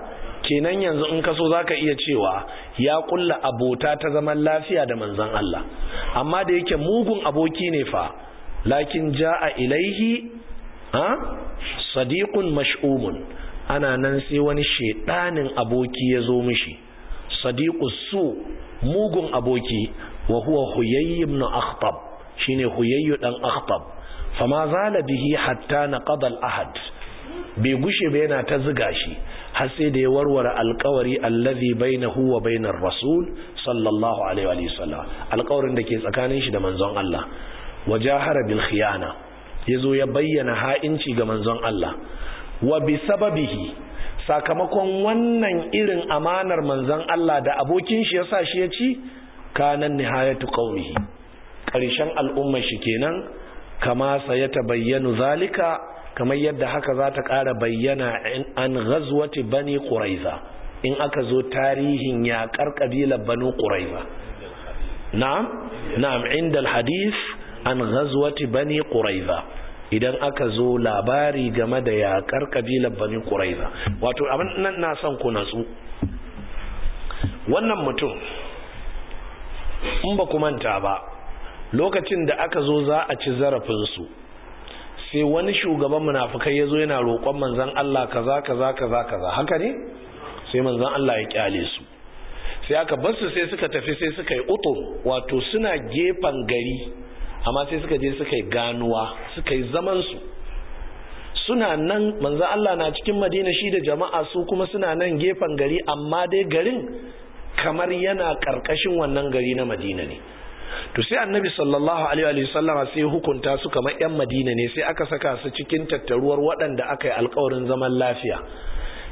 Speaker 1: kenan yanzu in kaso zaka iya cewa ya kulla abota ta zaman lafiya da manzon Allah amma da yake mugun aboki ne fa lakin ja'a ilaihi sadiqun mash'umun ana nan sai wani shedanin aboki ya zo mishi sadiqu su mugun aboki wa huwa huyayy ibn akhtab shine huyayy dan akhtab fama zala bihi hatta naqada al-ahad bai gushe ba yana ta ziga shi har sai da ya warware alkawari allazi bainahu wa bainar rasul sallallahu alaihi wa sallam alkawarin da ke tsakanin shi da manzon Allah wa wajahara bil khiyana ya zo ya bayyana ha'inci ga manzon Allah wa bi sababihi sakamakon wannan irin amanar manzon Allah da abokin shi yasa shi ya ci kanan nihayatu qaumihi karshen al'ummar shi kenan kama sayata bayyanu zalika kamar yadda haka za ta ƙara bayyana an ghazwati bani quraiza in aka zo tarihin yaƙar ƙabilar banu quraiza na'am na'am inda al-hadith an ghazwati bani quraiza idan aka zo labari game da yakar kabilar bani quraiza wato abin nan na son ku natsu wannan mutum in ba ku manta ba lokacin da aka zo za a ci zarafin su sai wani shugaban ya zo yana roƙon manzan Allah kaza kaza kaza kaza haka ne sai manzan Allah ya kyale su sai aka basu sai suka tafi sai suka yi utur wato suna gefen gari amma sai suka je suka yi ganuwa suka yi zamansu suna nan manzan Allah na cikin madina shi da jama'a su kuma suna nan gefen gari amma dai garin kamar yana karkashin wannan gari na madina ne to sai annabi sallallahu alaihi wa sallama sai hukunta su kamar yan madina ne sai aka saka su cikin tattaruwar waɗanda aka yi alkawarin zaman lafiya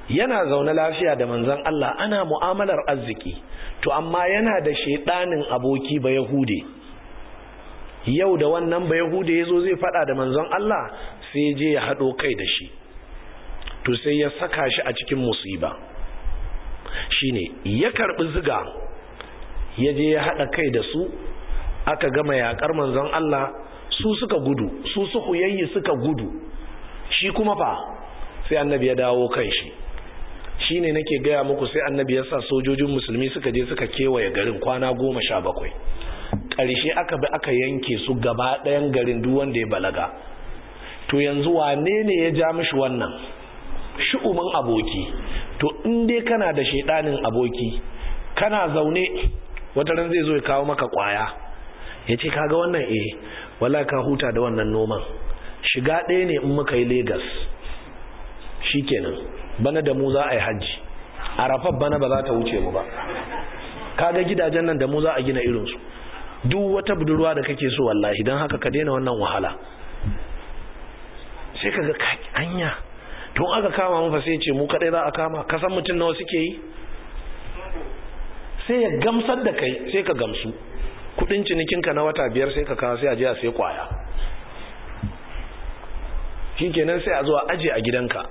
Speaker 1: yana zaune lafiya da manzan Allah ana mu'amalar arziki to amma yana da shaidanin aboki ba yahude yau da wannan ba yahuda ya zo zai faɗa da manzon Allah sai je ya haɗo kai da shi to sai ya saka shi a cikin musiba shine ya karɓi ziga ya je ya haɗa kai da su aka gama yaƙar manzon Allah su suka gudu su su huyayyi suka gudu shi kuma fa sai annabi ya dawo kan shi shi ne nake gaya muku sai annabi ya sa sojojin musulmi suka je suka kewaye garin kwana goma sha bakwai ƙarshe aka bi aka yanke su gaba ɗayan garin duk wanda ya balaga to yanzu wane ne ya ja mishi wannan Shi'umin aboki to in dai kana da shaidanin aboki kana zaune wata ran zai zo ya kawo maka kwaya ya ce kaga wannan eh wala ka huta da wannan noman shiga ɗaya ne in muka yi Legas shikenan bana da mu za a yi hajji arafa bana ba za ta wuce mu ba kaga gidajen nan da mu za a gina irinsu duk wata budurwa da kake so wallahi don haka ka daina wannan wahala sai ka ga hanya tun aka kama mafa sai ce mu kadai za a kama kasan mutum nawa suke yi sai ya gamsar da kai sai ka gamsu kudin cinikinka na wata biyar sai ka kawo sai a sai kwaya kenan sai a zuwa aje a gidanka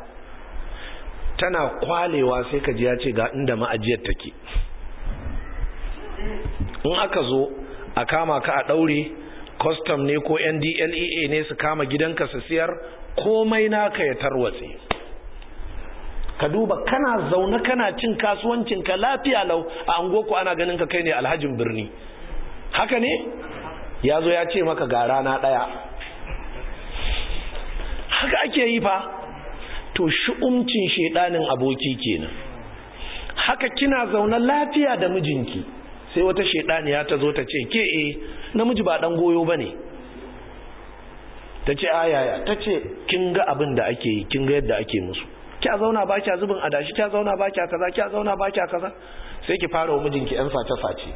Speaker 1: tana kwalewa sai ka ji ce ga inda ma'ajiyar take in aka zo a kama ka a ɗaure custom ne ko ndlea ne su kama gidanka su siyar komai naka ya tarwatse ka duba kana zaune kana cin kasuwancinka lafiya lau a angoku ana ganin ka kai ne alhajin birni haka ne ya zo ya ce maka ga rana ɗaya haka ake yi fa to shi'umcin shaidanin aboki kenan haka kina zaune lafiya da mijinki sai wata shaidaniya ta zo ta ce ke e namiji ba dan goyo bane ta ce ayaya ta ce kin ga abin da ake yi kin ga yadda ake musu kya zauna ba kya zubin adashi kya zauna ba kya kaza kya zauna ba kya kaza sai ki fara wa mijinki yan face face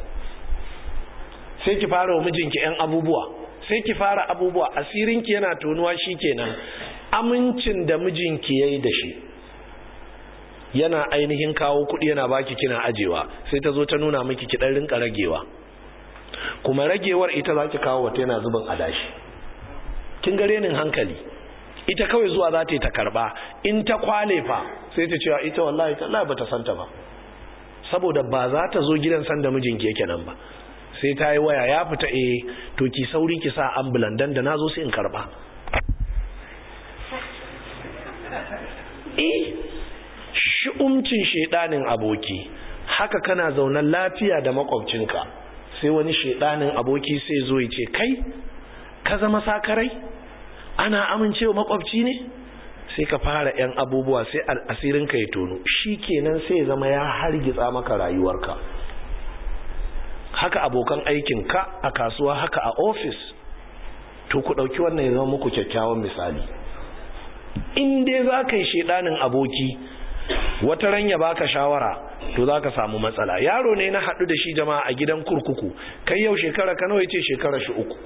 Speaker 1: sai ki fara wa mijinki yan abubuwa sai ki fara abubuwa asirinki yana tonuwa shikenan amincin da mijinki yayi da shi yana ainihin kawo kudi yana baki kina ajewa sai ta zo ta nuna miki ki ɗan rinka ragewa kuma ragewar ita za ki kawo wata yana zubin adashi kin gare renin hankali ita kawai zuwa za ta yi ta karba in ta kwale fa sai ta cewa ita wallahi ta la bata santa ba saboda ba za ta zo gidan san da mijinki yake nan ba sai ta yi waya ya fita eh to ki sauri ki sa ambulan dan da nazo sai in karba eh shi'umcin shaidanin aboki haka kana zaunan lafiya da makwabcinka sai wani shaidanin aboki sai zo ya ce kai ka zama sakarai ana amincewa makwabci ne sai ka fara yan abubuwa sai asirinka ya tono Shi kenan sai zama ya hargitsa maka rayuwarka haka abokan aikinka a kasuwa haka a ofis to ku ɗauki wannan ya zama muku kyakkyawan misali in dai za ka yi shaidanin aboki wata ran ya baka shawara to zaka samu matsala yaro ne na haɗu da shi jama'a a gidan kurkuku kai yau shekara ka nawa yace shekara shi uku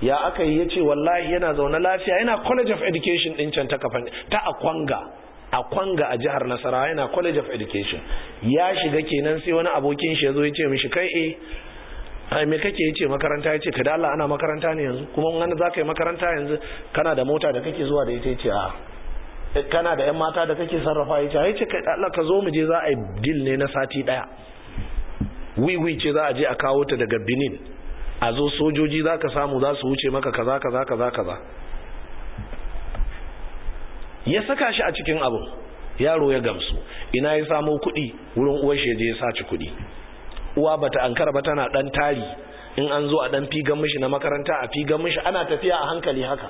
Speaker 1: ya aka yi yace wallahi yana zaune lafiya yana college of education din can ta kafan ta akwanga akwanga a jihar Nasara yana college of education ya shiga kenan sai wani abokin shi yazo yace mishi kai eh ai me kake yace makaranta yace da Allah ana makaranta ne yanzu kuma wani zaka yi makaranta yanzu kana da mota da kake zuwa da ita yace a kana da yan mata da kake sarrafa ya ce a yi ce kai Allah ka zo mu je za a yi deal ne na sati daya wiwi ce za a je a kawo ta daga Benin a zo sojoji za ka samu za su wuce maka kaza kaza kaza kaza ya saka shi a cikin abu yaro ya gamsu ina ya samo kuɗi wurin uwar shi je ya saci kuɗi uwa bata ankara ba tana dan tari in an zo a dan figan mishi na makaranta a figan mishi ana tafiya a hankali haka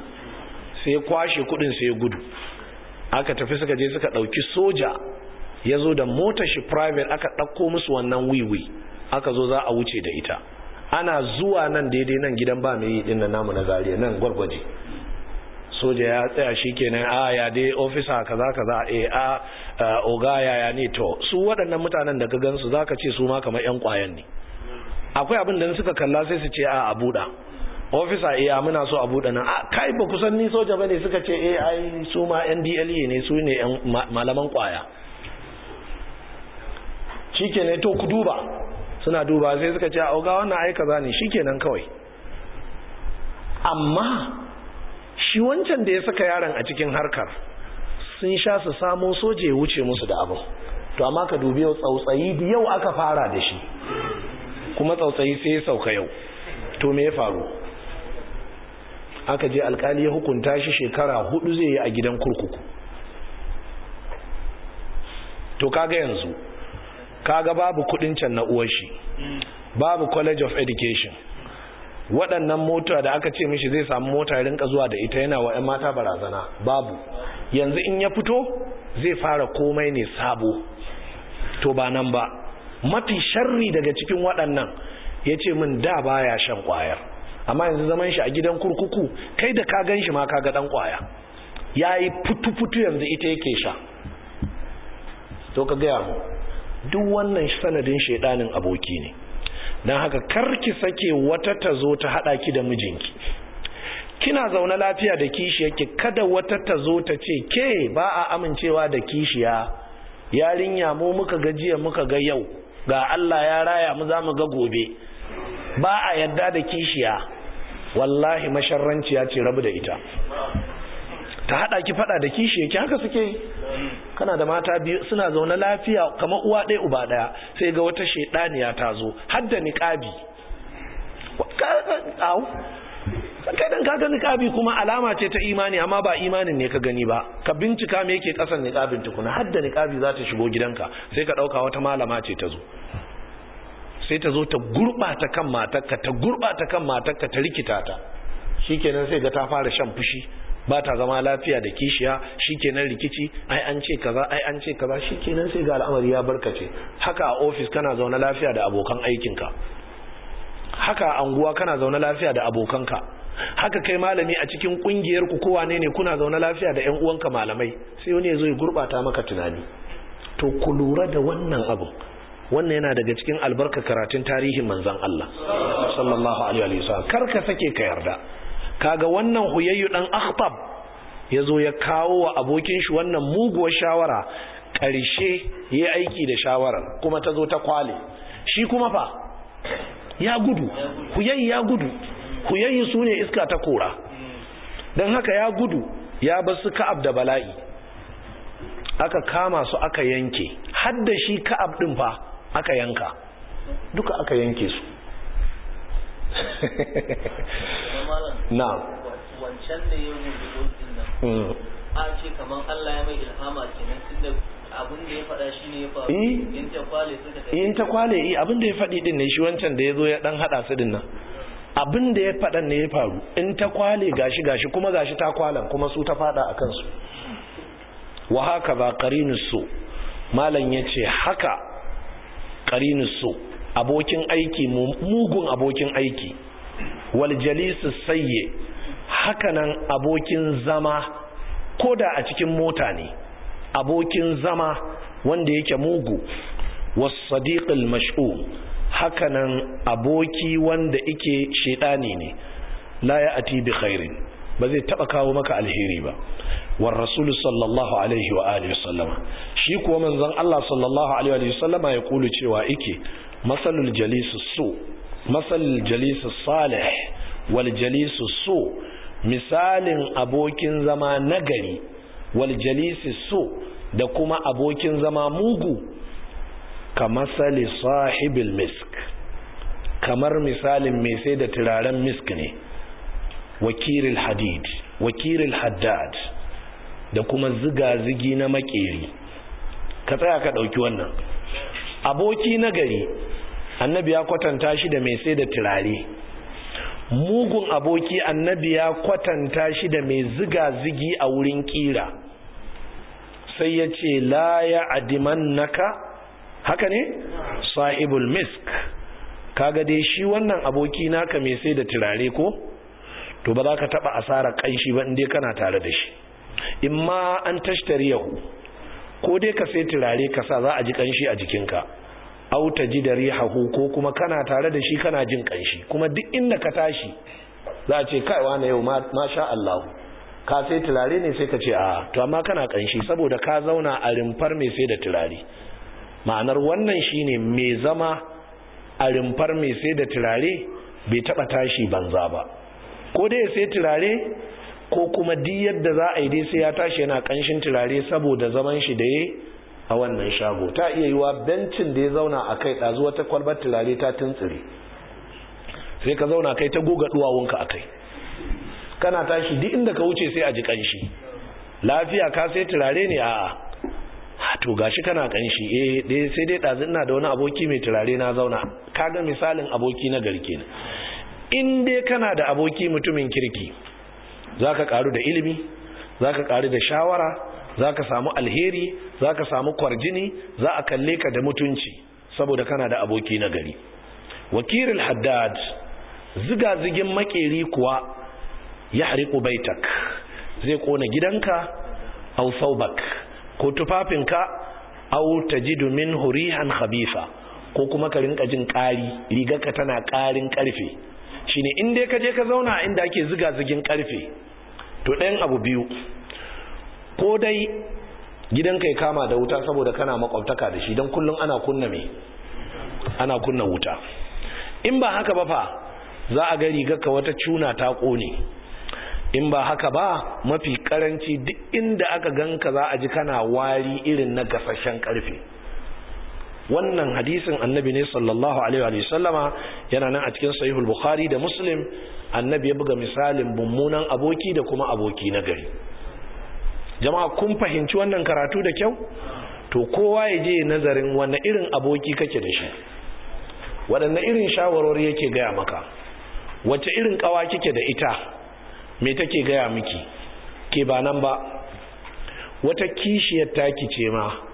Speaker 1: sai kwashe kuɗin sai gudu aka tafi suka je suka ɗauki soja ya zo da motar shi private aka ɗauko musu wannan wiwi aka zo za a wuce da ita ana zuwa nan daidai nan gidan ba mai yi dinna namu na zariya nan gwargwaje soja ya tsaya shi kenan a ah, ya dai ofisa kaza kaza a eh, a ah, ah, oga yaya ne to su waɗannan mutanen da ka gansu ka ce su ma kamar yan kwayan ne akwai abin da suka kalla sai su ce a a buɗa ofisa iya eh, muna so a buɗe nan a ah, kai ba kusan ni soja bane suka ce eh, ai su ma yan DLE ne su ne yan malaman kwaya shikenan to ku duba suna duba sai suka ce a ah, oga wannan ai kaza ne shikenan kawai amma shi wancan da ya saka yaron a cikin harkar sun sha su samo soje ya wuce musu da abu to amma ka dubi yau tsautsayi da yau aka fara da shi kuma tsautsayi sai ya sauka yau to me ya faru aka je alkali ya hukunta shi shekara hudu zai yi a gidan kurkuku to kaga yanzu kaga babu kudin can na uwar shi babu college of education waɗannan mota da aka ce mishi zai samu mota ya rinka zuwa da ita yana wa 'yan mata barazana babu yanzu in ya fito zai fara komai ne sabo to ba nan ba mafi sharri daga cikin waɗannan ya ce min da baya shan kwayar amma yanzu zaman shi a gidan kurkuku kai da ka gan shi ma ka ga dan kwaya yayi futu-futu yanzu ita yake sha to ka gaya mu duk wannan sanadin shedanin aboki ne dan haka kar ki sake wata ta zo ta hada ki da mijinki kina zaune lafiya da yake kada wata ta zo ta ce ke ba a amincewa da kishiya yarinya mu muka ga jiya muka ga yau ga Allah ya raya mu za mu ga gobe ba a yadda da kishiya wallahi masharranciya ce rabu da ita ta hada ki fada da kishi yake haka suke kana da mata biyu suna zaune lafiya kamar uwa ɗaya uba ɗaya sai ga wata shaidaniya ta zo har da kai dan kaga niƙabi? kuma alama ce ta imani amma ba imanin ne ka gani ba ka bincika me yake ƙasar niƙabin tukuna har da za ta shigo gidanka sai ka ɗauka wata malama ce ta zo sai ta zo ta gurɓata kan matarka ta gurɓata kan matarka ta rikita ta shikenan sai ga ta fara shan fushi ba ta zama lafiya da kishiya shikenan rikici ai an ce kaza ai an ce kaza shikenan sai ga al'amari ya barkace haka a ofis kana zaune lafiya da abokan ka haka a anguwa kana zaune lafiya da abokanka haka kai malami a cikin kungiyar ku kowa ne ne kuna zaune lafiya da ƴan uwanka malamai sai wani ya zo ya gurbata maka tunani to ku lura da wannan abu wannan yana daga cikin albarka karatun tarihin manzan Allah sallallahu alaihi wa kar ka sake ka yarda kaga wannan huyayyu dan akhtab yazo ya kawo wa abokin shi wannan muguwar shawara karshe yayi aiki da shawara. kuma ta ta kwale shi kuma fa ya gudu huyayyu ya gudu huyayyu sune iska ta kora dan haka ya gudu ya bar su ka'ab da bala'i aka kama su aka yanke hadda shi ka'ab din fa aka yanka duka aka yanke su na wancan da ya rubuta hmm. a ce kamar Allah ya mai ilhama kenan da abin da ya faɗa shi ne ya faru eh. in ta kwale su kai in ta kwale yi eh, abin da ya faɗi din ne shi wancan da ya zo ya dan hada su din nan abin da ya faɗan ne ya faru in ta kwale gashi gashi kuma gashi ta kwalan kuma su ta faɗa a kansu wa haka ba qarinu su malam ce haka qarinu su abokin aiki mugun abokin aiki wal jalisu sayyi hakanan abokin zama koda a cikin mota ne abokin zama wanda yake mugu was sadiqul mash'um hakanan aboki wanda yake shedani ne la ya'ti bi khairin ba zai taba kawo maka alheri ba war rasul sallallahu alaihi wa alihi shi kuwa manzon Allah sallallahu alaihi wa sallama ya kulu cewa ike masalul jalisu su masalul jalisu salih wal jalisu su misalin abokin zama nagari wal jalisu su da kuma abokin zama mugu ka masali sahibil misk kamar misalin mai sai da turaren misk ne wakilil hadid wakilil haddad da kuma ziga-zigi na makeri ka tsaya ka ɗauki wannan aboki na gari annabi ya kwatanta shi da mai sai da turare mugun aboki annabi ya kwatanta shi da mai ziga-zigi a wurin kira sai ya ce la ya adiman naka haka ne sahibul misk kaga dai shi wannan aboki naka mai sai da turare ko to ba za ka taba asarar kanshi ba inda kana tare da shi in ma an tashtari yahu ko dai ka sai turare ka sa za a ji kanshi a jikinka au ta ji da rihahu ko kuma kana tare da shi kana jin kanshi kuma duk inda ka tashi za a ce kaiwa na yau masha Allah ka sai turare ne sai ka ce a to amma kana kanshi saboda ka zauna a rimfar mai sai da turare ma'anar wannan shine mai zama a rimfar mai sai da turare bai taba tashi banza ba ko dai sai turare ko kuma duk yadda za a yi dai sai ya tashi yana kanshin turare saboda zaman shi da ya a wannan shago ta iya yiwa bencin da ya zauna a kai ɗazu wata kwalbar turare ta tuntsire sai ka zauna kai ta goga duwawunka a kai kana tashi duk inda ka wuce sai a ji kanshi lafiya ka sai turare ne a to gashi kana kanshi eh dai sai dai ɗazu ina da wani aboki mai turare na zauna ga misalin aboki na garke in dai kana da aboki mutumin kirki za ka karu da ilimi za ka karu da shawara za ka samu alheri za ka samu kwarjini za a kalle ka da mutunci saboda kana da aboki na gari wakilin haddad zigazigin makeri kuwa ya hariku baitak zai kona gidanka au saubak ko tufafinka au tajidu min hurihan khabifa ko kuma ka rinka jin ƙari rigarka tana ƙarin ƙarfe shine in dai ka je ka zauna inda ake ziga zigin karfe to ɗayan abu biyu ko dai gidanka ya kama da wuta saboda kana makwabtaka da shi don kullum ana kunna me ana kunna wuta in ba haka ba fa za a ga ka wata cuna ta ƙone. in ba haka ba mafi karanci duk inda aka ganka za a ji kana wari irin na gasashen karfe wannan hadisin annabi ne sallallahu alaihi wa sallama yana nan a cikin sahihul bukhari da muslim annabi ya buga misalin mummunan aboki da kuma aboki na gari jama'a kun fahimci wannan karatu da kyau to kowa ya je nazarin wanne irin aboki kake da shi waɗanne irin shawarwari yake gaya maka wace irin kawa kike da ita me take gaya miki ke ba nan ba wata kishiyar taki ce ma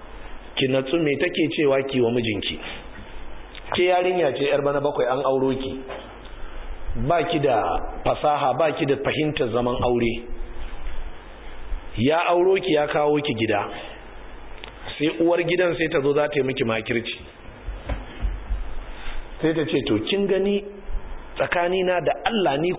Speaker 1: ki natsu me take cewa ki wa mijinki ke yarinya ce yar bana bakwai an auro ki baki da fasaha baki da fahimtar zaman aure ya auro ki ya kawo ki gida sai uwar gidan sai ta zo za ta yi miki makirci sai ta ce to kin gani tsakanina da Allah ni